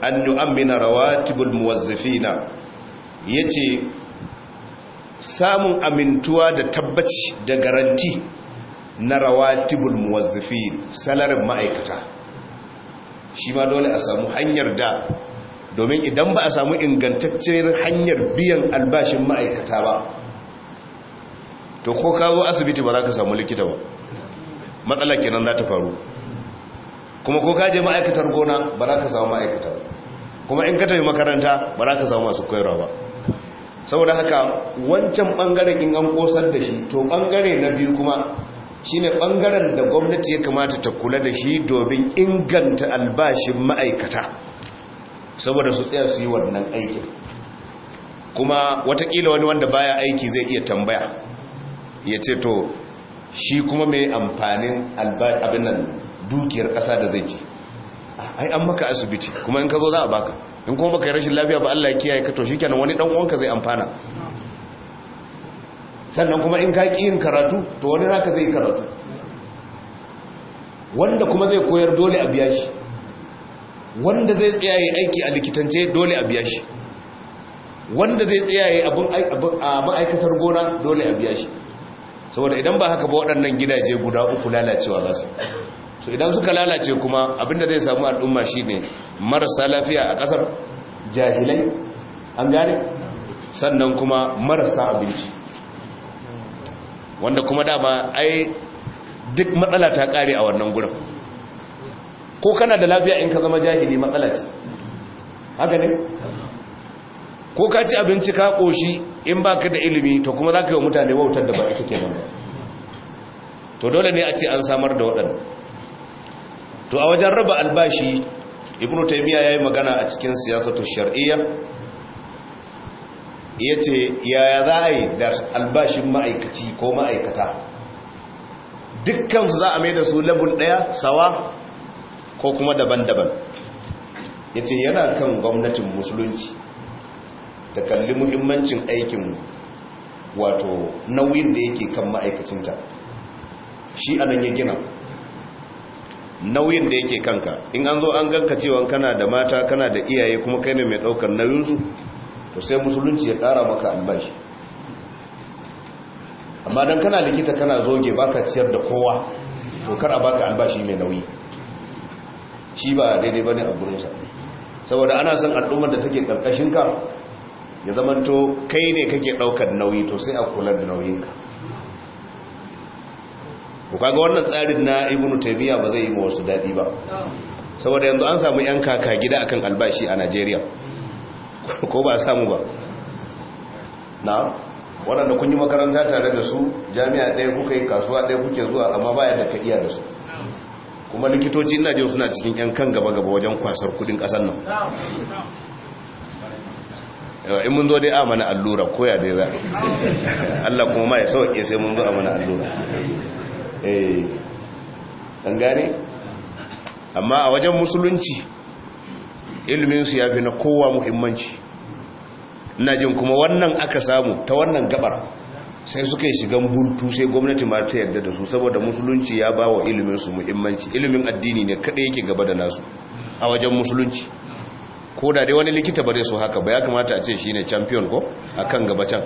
an yu'ammina rawatibul muwazzifina yace samun amintuwa da tabbaci da garanti na rawatibul muwazzifin salarin ma'aikata shi ma dole a samu hanyar da domin idan ba a samu ingantacciyar hanyar biyan albashin ma'aikata ba to ko ka zo asibiti ba za ka samu likita ba matsala kenan za ta faru kuma ko ka je ma'aikatar gona ba za ka samu ma'aikata kuma in ka tafi makaranta ba za ka samu masu koyarwa ba saboda haka wancan bangaren in an kosar da shi to bangare na biyu kuma shi ne bangaren da gwamnati ya kamata ta kula da shi domin inganta albashin ma'aikata saboda su tsaya su yi wannan aikin kuma watakila wani wanda baya aiki zai iya tambaya ya ce to shi kuma mai amfanin abin nan dukiyar ƙasa da zai ce ai an maka asibiti kuma in ka zo za a baka in kuma baka yi rashin lafiya ba Allah ya kiyaye ka to kenan wani dan uwanka zai amfana sannan kuma in ka ki yin karatu to wani naka zai karatu wanda kuma zai koyar dole a biya shi wanda zai tsayaye aiki a likitance dole a biya shi wanda zai tsayaye abun abin a ma'aikatar gona dole a biya shi saboda idan ba haka ba waɗannan gidaje guda uku lalacewa za su so idan suka lalace kuma abinda zai samu al'umma shine marasa lafiya a ƙasar jahilai an gane sannan kuma marasa abinci wanda kuma dama ai duk matsala ta ƙare a wannan gurin ko kana da lafiya in ka zama jahili matsala ce haka ne ko ka ci abinci ka ƙoshi in ba ka da ilimi to kuma za ka yi wa mutane wautar da ba ita ke nan to dole ne a ce an samar da waɗanda to a wajen raba albashi ibnu taimiyya ya yi magana a cikin siyasatu shari'a ya ce yaya za a yi da albashin ma'aikaci ko ma'aikata dukkansu za a mai da su labul ɗaya sawa ko kuma daban-daban ya ce yana kan gwamnatin musulunci ta kalli muhimmancin aikin wato nauyin da yake kan ma'aikacinta shi anan ya gina nauyin da yake kanka in an zo an ganka cewa kana da mata kana da iyaye kuma kai ne mai daukar nauyinsu to sai musulunci ya kara maka albashi amma don kana likita kana zoge baka ciyar da kowa to kar a baka albashi mai nauyi shi ba daidai bane a gurin sa saboda ana son al'ummar da take karkashin ka ya zamanto kai ne kake daukar nauyi to sai a kula da nauyinka ku kaga wannan tsarin na ibnu taymiya ba zai yi ma wasu dadi ba saboda yanzu an samu yan kaka gida akan albashi a Najeriya ko ba samu ba na waɗanda kun yi makaranta tare da su jami'a ɗaya kuka yi kasuwa ɗaya kuke zuwa amma ba yadda ka iya da su kuma likitoci ina jin suna cikin yan kan gaba gaba wajen kwasar kudin ƙasar nan in mun zo dai a mana allura koya dai za Allah kuma ma ya sauke sai mun zo a allura eh an gane amma a wajen musulunci ilminsu ya fi na kowa muhimmanci ina jin kuma wannan aka samu ta wannan gabar sai suka yi shigan buntu sai gwamnati ma ta yarda da su saboda musulunci ya bawa wa su muhimmanci ilimin addini ne kaɗai yake gaba da nasu a wajen musulunci ko da dai wani likita bare su haka ba ya kamata a ce shi ne champion ko kan gaba can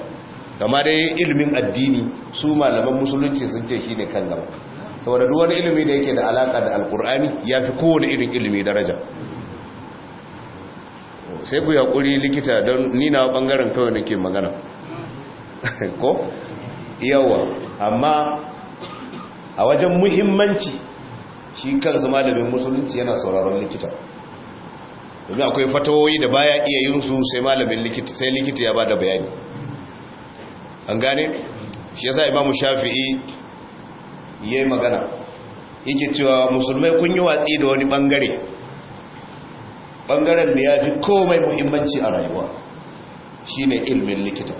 kama dai ilimin addini su malaman musulunci sun ce shi ne kan gaba saboda duk wani ilimi da yake da alaka da alkur'ani yafi kowane irin ilimi daraja sai ku yaƙuri likita don nina wa ɓangaren kawai nake magana ko yawa amma a wajen muhimmanci shi kan zama da bin musulunci yana sauraron likita domin akwai fatawoyi da baya iya yin su sai malamin likita sai likita ya bada bayani an gane shi yasa imamu shafi'i yayi magana yake cewa musulmai kun yi watsi da wani bangare bangaren da ya fi komai muhimmanci a rayuwa shine ilmin likita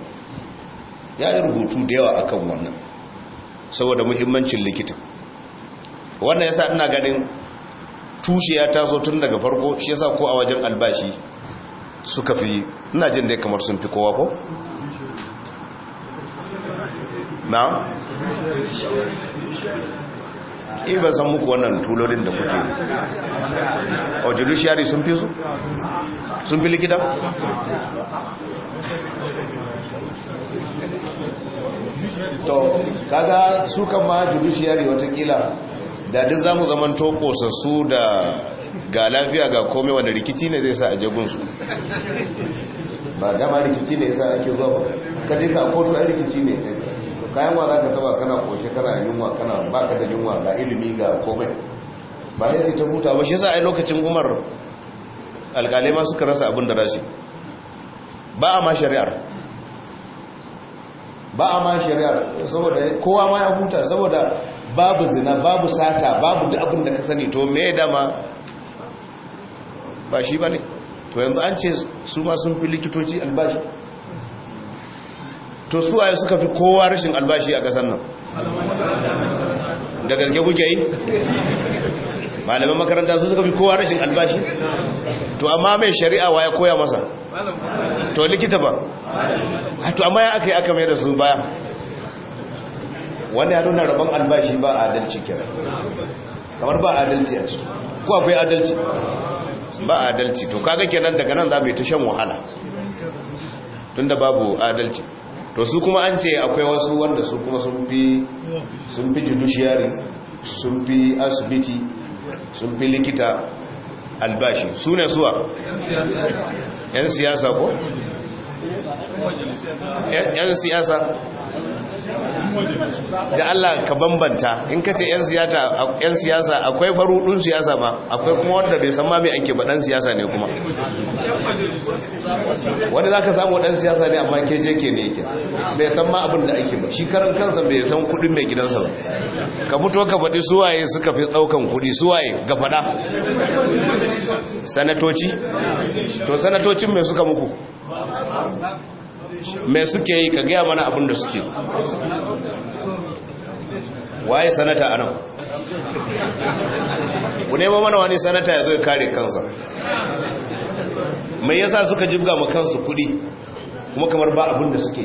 ya yi rubutu da yawa akan wannan saboda muhimmancin likita wannan yasa ina ganin tushe ya taso tun daga farko shi yasa ko a wajen albashi suka fi ina jin dai kamar sun fi kowa ko na eh, ba san muku wannan tulolin da kuke a oh, shari sun fi su sun fi likita to kaga su kan ma judiciary watakila da duk za mu zaman tokosassu da ga lafiya ga komai wanda rikici ne zai sa a jagunsu ba dama rikici ne sa ake zuwa ba ka je ka kotu a rikici ne kayan wa za ka taba kana koshe kana yunwa kana ba ka da yunwa ga ilimi ga komai ba ya ta huta ba shi sa a lokacin umar alkalai ma suka rasa abin da rashi ba a ma shari'ar ba a ma shari'ar saboda kowa ma ya huta saboda babu zina babu sata babu da abin da ka sani to me dama ba shi ba ne to yanzu an ce su ma sun fi likitoci albashi to su waye suka fi kowa rashin albashi a kasan nan da gaske kuke yi malaman makaranta su suka fi kowa rashin albashi to amma mai shari'a wa ya koya masa to likita ba to amma ya aka yi aka mai da su baya wanda ya nuna rabon albashi ba adalci kira kamar ba adalci a ciki ko akwai adalci ba adalci to kaga kenan daga nan za mu yi ta shan wahala tunda babu adalci to su kuma an ce akwai wasu wanda su kuma sun fi sun fi judiciary sun fi asibiti sun fi likita albashi su ne suwa yan siyasa ko yan siyasa da Allah ka bambanta in ka ce 'yan siyasa akwai farudun siyasa ba akwai kuma wanda bai san mami ba baɗan siyasa ne kuma wanda za ka samu ɗan siyasa ne amma ke ne yake bai san ma abin da ake ba shi karan kansa bai san kudin mai gidansa ba ka fito ka faɗi suwaye suka fi ɗaukan kuɗi suwaye ga faɗa sanatoci to sanatocin mai suka muku mai suke yi ka gaya mana abinda da suke waye sanata anan ku nema mana wani sanata ya zo ya kare kansa mai yasa suka jibga mu kansu kudi kuma kamar ba abinda da suke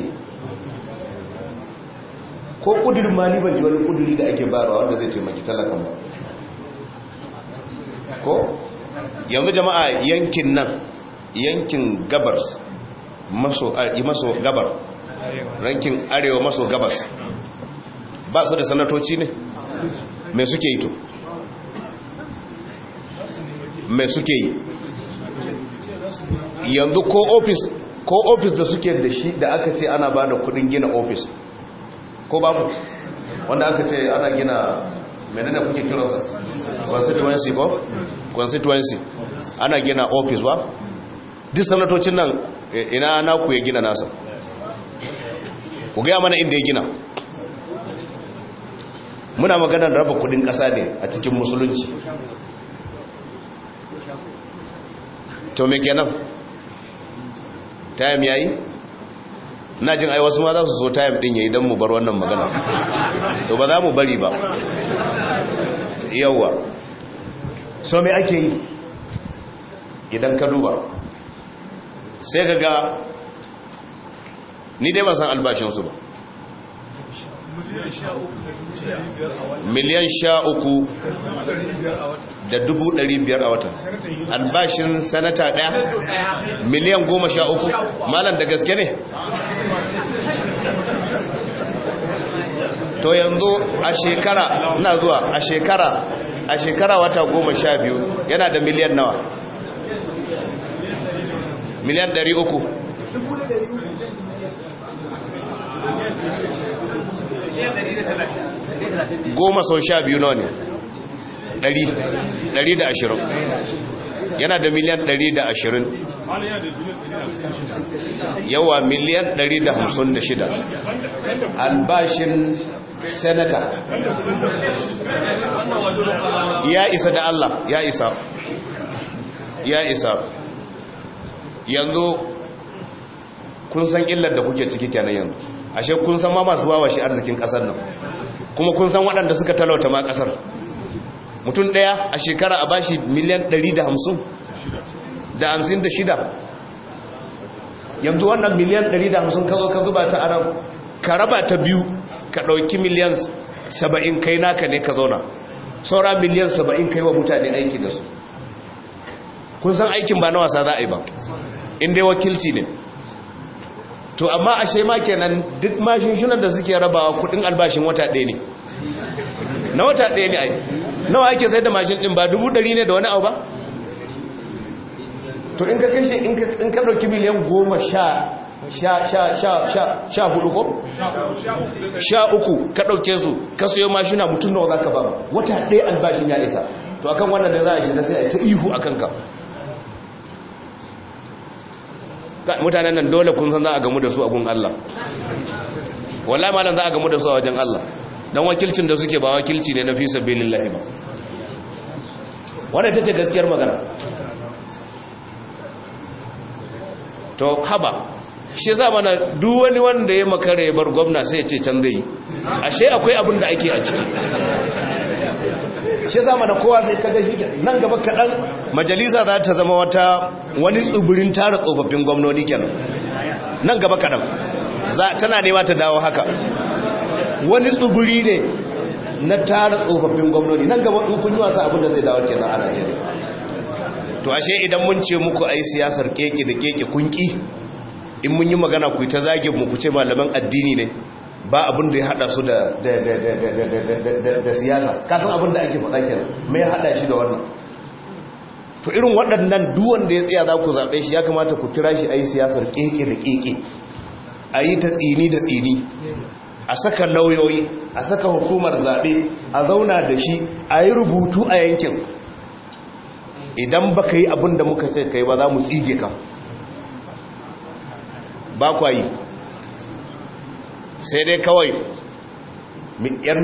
ko kudurin mali ban ji wani kuduri da ake barawa wanda zai taimaki talakan ba ko yanzu jama'a yankin nan yankin gabar maso gabar rankin arewa maso gabas ba su da sanatoci ne mai suke yi to mai suke yi yanzu ko ofis ko ofis da suke da shi da aka ce ana ba da kudin gina ofis ko babu wanda aka ce ana gina menene kuke kiransa constituency ko constituency ana gina ofis ba duk sanatocin nan ina na ku ya gina nasa ku gaya mana inda ya gina muna maganar raba kudin ƙasa ne a cikin musulunci to me kenan tayam yayi na jin ai wasu ma za su zo tayam din yayi dan mu bar wannan magana to ba za mu bari ba yawa so me ake yi idan ka duba sai ga ga ni dai ba san albashinsu ba miliyan sha uku da dubu dari biyar a watan albashin sanata ɗaya miliyan goma sha uku malam da gaske ne to yanzu a shekara na zuwa a shekara a shekara wata goma sha biyu yana da miliyan nawa miliyan uku goma sau sha biyu nawa ne ɗari da ashirin yana da miliyan ɗari da ashirin yawa miliyan ɗari da hamsin da shida albashin senata ya isa da allah ya isa ya isa yanzu kun san illar da kuke ciki kenan yanzu ashe kun san ma masu wawa shi arzikin kasar nan kuma kun san waɗanda suka talauta ma kasar mutum ɗaya a shekara a bashi miliyan 150 da hamsin da shida yanzu wannan miliyan 150 ka zo ka zuba ta aram ka raba ta biyu ka ɗauki miliyan 70 kai naka ne ka zauna saura miliyan 70 kai wa mutane aiki da su kun san aikin ba na wasa za a yi ba inda wakilci ne to amma ashe ma kenan duk mashinshinan da suke rabawa kudin albashin wata ɗaya ne na wata ɗaya ne a yi? nawa ake sai da mashin ɗin ba dubu ɗari ne da wani abu ba to in ka kashe in ka ɗauki miliyan goma sha sha hudu ko? sha uku ka ɗauke su ka sayo mashina mutum nawa za ka ba wata ɗaya albashin ya isa to akan wannan da za a shi na sai a ta ihu a kanka mutanen nan dole kun san za a gamu da su a gun Allah wallahi malam za a gamu da su a wajen Allah dan wakilcin da suke ba wakilci ne na fi sabilillahi ba wannan tace gaskiyar magana to haba shi yasa mana duk wani wanda ya makare bar gwamna sai ya ce can zai ashe akwai abin da ake a ciki shi yasa mana kowa zai kaga shi nan gaba kaɗan majalisa za ta zama wata wani tsibirin tara tsofaffin gwamnoni kenan nan gaba kaɗan tana nema ta dawo haka wani tsibiri ne na tara tsofaffin gwamnoni nan gaba in kun yi wasa abin da zai dawo kenan a najeriya to ashe idan mun ce muku ai siyasar keke da keke kunki in mun yi magana ku ta zage mu ku ce malaman addini ne ba abin da ya hada su da siyasa kasan abin da ake faɗa kenan mai hada shi da wannan to irin waɗannan duwan da ya tsaya za ku zaɓe shi ya kamata ku kira shi a yi siyasar ƙeƙe da ƙeƙe a yi ta tsini da tsini a saka lauyoyi a saka hukumar zaɓe a zauna da shi a yi rubutu a yankin idan ba ka yi abin da muka ce kai ba za mu tsige ka ba kwa yi sai dai kawai yar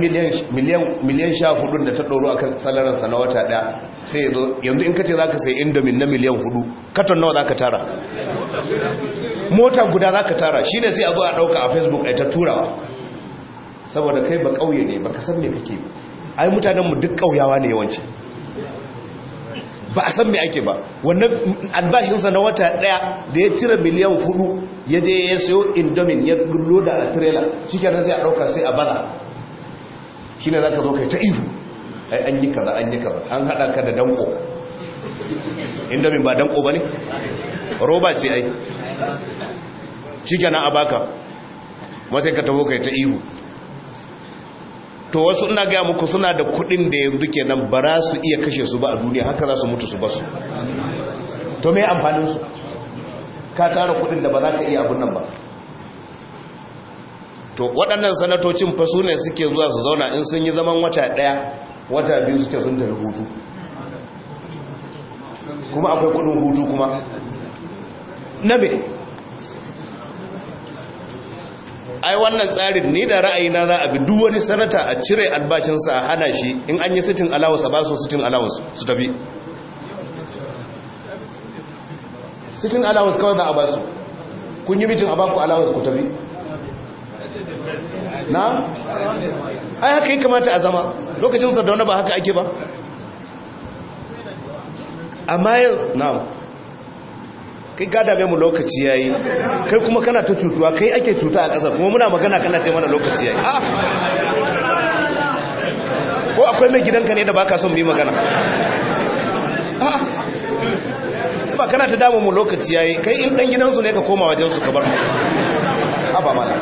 miliyan sha hudun da ta ɗoro a kan salararsa na wata ɗaya sai yanzu yanzu in kace za ka sai indomin na miliyan hudu katon nawa za ka tara mota guda za ka tara shi ne sai a zo a ɗauka a facebook a ta turawa saboda kai ba ƙauye ne ba ka san me kake ai mutanenmu duk ƙauyawa ne yawanci ba a san me ake ba wannan albashinsa na wata daya da ya cire miliyan hudu ya je ya sayo indomin ya gullo da a trailer cikin sai a dauka sai a bada shi ne za ka zo kai ta ihu ai an yi kaza an yi kaza an haɗa ka da danko indomin ba danko ba ne roba ce ai cikin kenan a baka masai ka tabo kai ta ihu to wasu ina gaya muku suna da kudin da yanzu ke nan ba za su iya kashe su ba a duniya haka za su mutu su ba su? to me amfanin su ka tara kudin da ba za ka iya abun nan ba to waɗannan sanatocin fa su ne suke zuwa su zauna in sun yi zaman wata ɗaya wata biyu suke sun tafi hutu kuma akwai kudin hutu kuma na nabe ai wannan tsarin ni da ra'ayina za a bi duk wani sanata a cire albashinsa a hana shi in an yi sitin allowance a ba su sitin allowance su tafi sitin allowance kawai za a ba su kun yi mitin a ba ku allowance ku tafi na? ai haka yi kamata a zama lokacin sardauna ba haka ake ba amma yau na kai gada mai mu lokaci yayi kai kuma kana ta tutuwa kai ake tuta a ƙasa kuma muna magana kana ce mana lokaci yayi ah! ko akwai mai gidanka ne da baka son mu yi magana ah! ba kana ta damu mu lokaci yayi kai in dan gidansu ne ka koma wajen su ka bar haba mala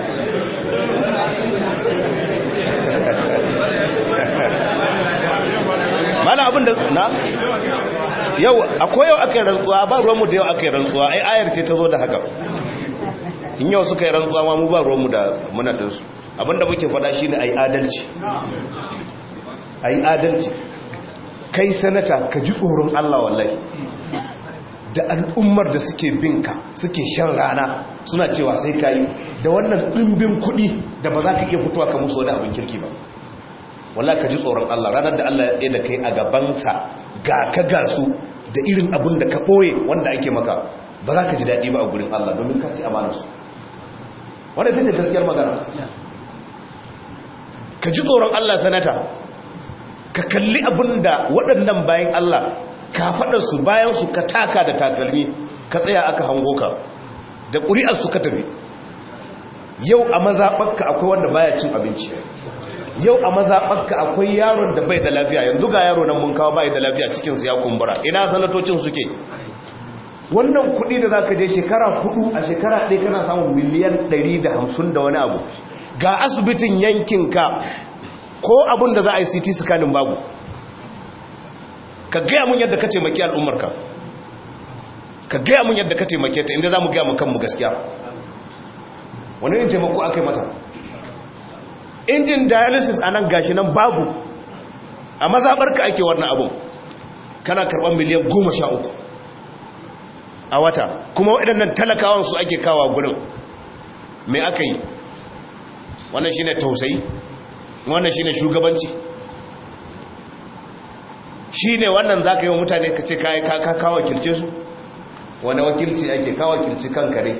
mala abin da na yau akwai yau aka yi rantsuwa ba ruwanmu da yau aka yi rantsuwa ai ayar ce ta zo da haka in yau suka yi rantsuwa ma mu ba ruwanmu da muna abinda muke faɗa shi ne a adalci a adalci kai sanata ka ji tsoron allah wallahi da al'ummar da suke binka suke shan rana suna cewa sai ka yi da wannan ɗimbin kuɗi da ba za ka iya fitowa ka musu wani abin kirki ba wallahi ka ji tsoron allah ranar da allah ya tsaye da kai a gabansa ga ka ga su da irin abin da ka ɓoye wanda ake maka ba za ka ji daɗi ba a gurin Allah domin ka ci amanarsu wanda fi ne gaskiyar magana ka ji tsoron Allah sanata ka kalli abin da waɗannan bayan Allah ka su bayan su ka taka da takalmi ka tsaya aka hango ka da ƙuri'ar su ka tafi yau a mazaɓarka akwai wanda baya cin abinci yau a mazaɓarka akwai yaron da bai da lafiya yanzu ga yaro nan mun kawo bai da lafiya cikinsu ya kumbura ina sanatocin suke wannan kudi da za ka je shekara hudu a shekara ɗaya kana samun miliyan 150 da wani abu ga asibitin yankinka ko abin da za a yi ct scanning babu ka gaya mun yadda ka taimaki al'ummarka ka gaya mun yadda ka taimake ta inda za mu gaya mu kanmu gaskiya wani ne taimako aka yi mata injin dialysis a nan gashi nan babu a mazaɓarka ake wannan abin kana karɓar miliyan goma sha uku a wata kuma waɗannan talakawan su ake kawa gurin mai aka yi wannan shi ne tausayi wannan shi ne shugabanci shi ne wannan za ka yi wa mutane ka ce ka kawo kirce su wani wakilci ake kawo kirci kan kare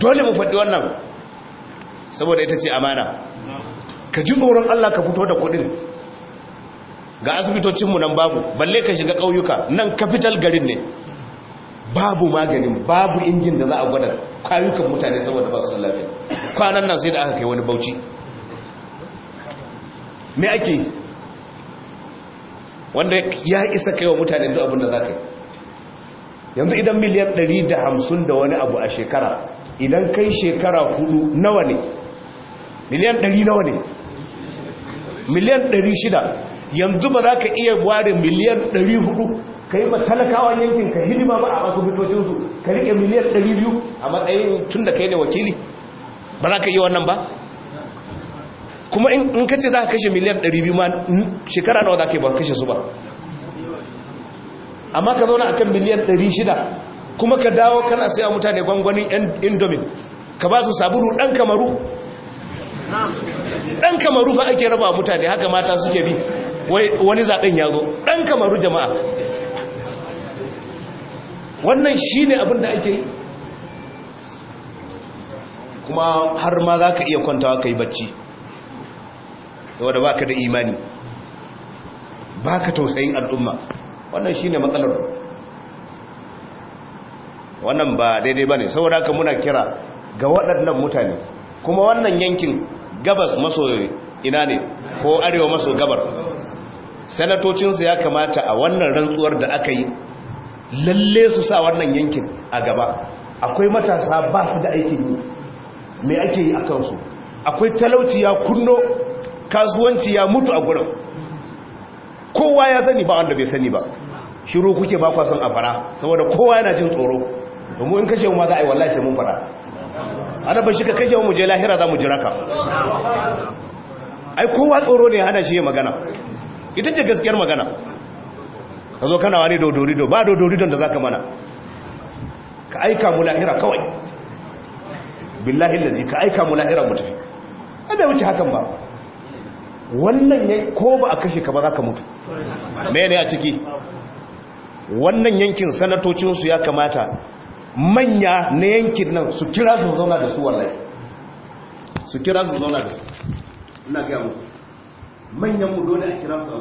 dole mu faɗi wannan saboda ita ce amana ka ji tsoron Allah ka fito da kudin ga asibitocinmu nan babu balle ka shiga ƙauyuka nan capital garin ne babu maganin babu injin da za a gwada kwayukan mutane saboda ba su lafiya kwanan nan sai da aka kai wani bauchi me ake wanda ya isa kai wa mutane duk abin da za ka yanzu idan miliyan 150 da wani abu a shekara idan kai shekara hudu nawa ne miliyan ɗari nawa ne miliyan ɗari shida yanzu ba za ka iya ware miliyan ɗari hudu ka yi matalakawan yankin ka hidima ba a asibitocinsu ka riƙe miliyan ɗari biyu a matsayin tun da ka yi ne wakili ba za ka iya wannan ba kuma in ka ce za ka kashe miliyan ɗari biyu ma shekara nawa za ka yi ba kashe su ba amma ka zauna akan miliyan ɗari shida kuma ka dawo kana sai a mutane gwangwanin indomin ka ba su sabulu ɗan kamaru ɗan kamaru fa ake raba mutane haka mata suke bi wani zaben ya zo ɗan kamaru jama'a wannan shi abin da ake yi kuma har ma za ka iya kwantawa ka yi bacci saboda ba ka da imani ba ka tausayin al'umma wannan shi matsalar wannan ba daidai ba ne saboda haka muna kira ga waɗannan mutane kuma wannan yankin gabas maso ina ne ko arewa maso gabar sanatocinsu ya kamata a wannan rantsuwar da aka yi lalle su sa wannan yankin a gaba akwai matasa ba su da aikin yi mai ake yi a kansu akwai talauci ya kunno kasuwanci ya mutu a gurin kowa ya sani ba wanda bai sani ba shiru kuke bakwasan a fara saboda kowa yana jin tsoro domin kashe mu ma za a yi wallahi mun fara ana shi ka kashe mu je lahira za mu jira ka ai kowa tsoro ne ana shi magana ita ce gaskiyar magana ka zo kana wani dodorido ba dodorido da za ka mana ka aika mu lahira kawai billahi lazi ka aika mu lahira mutu an bai wuce hakan ba wannan ya ko ba a kashe ka ba za ka mutu mene a ciki wannan yankin sanatocinsu ya kamata manya na yankin nan su kira su zauna da su wallahi su kira su zauna da su ina gaya mu manyan mu dole a kira su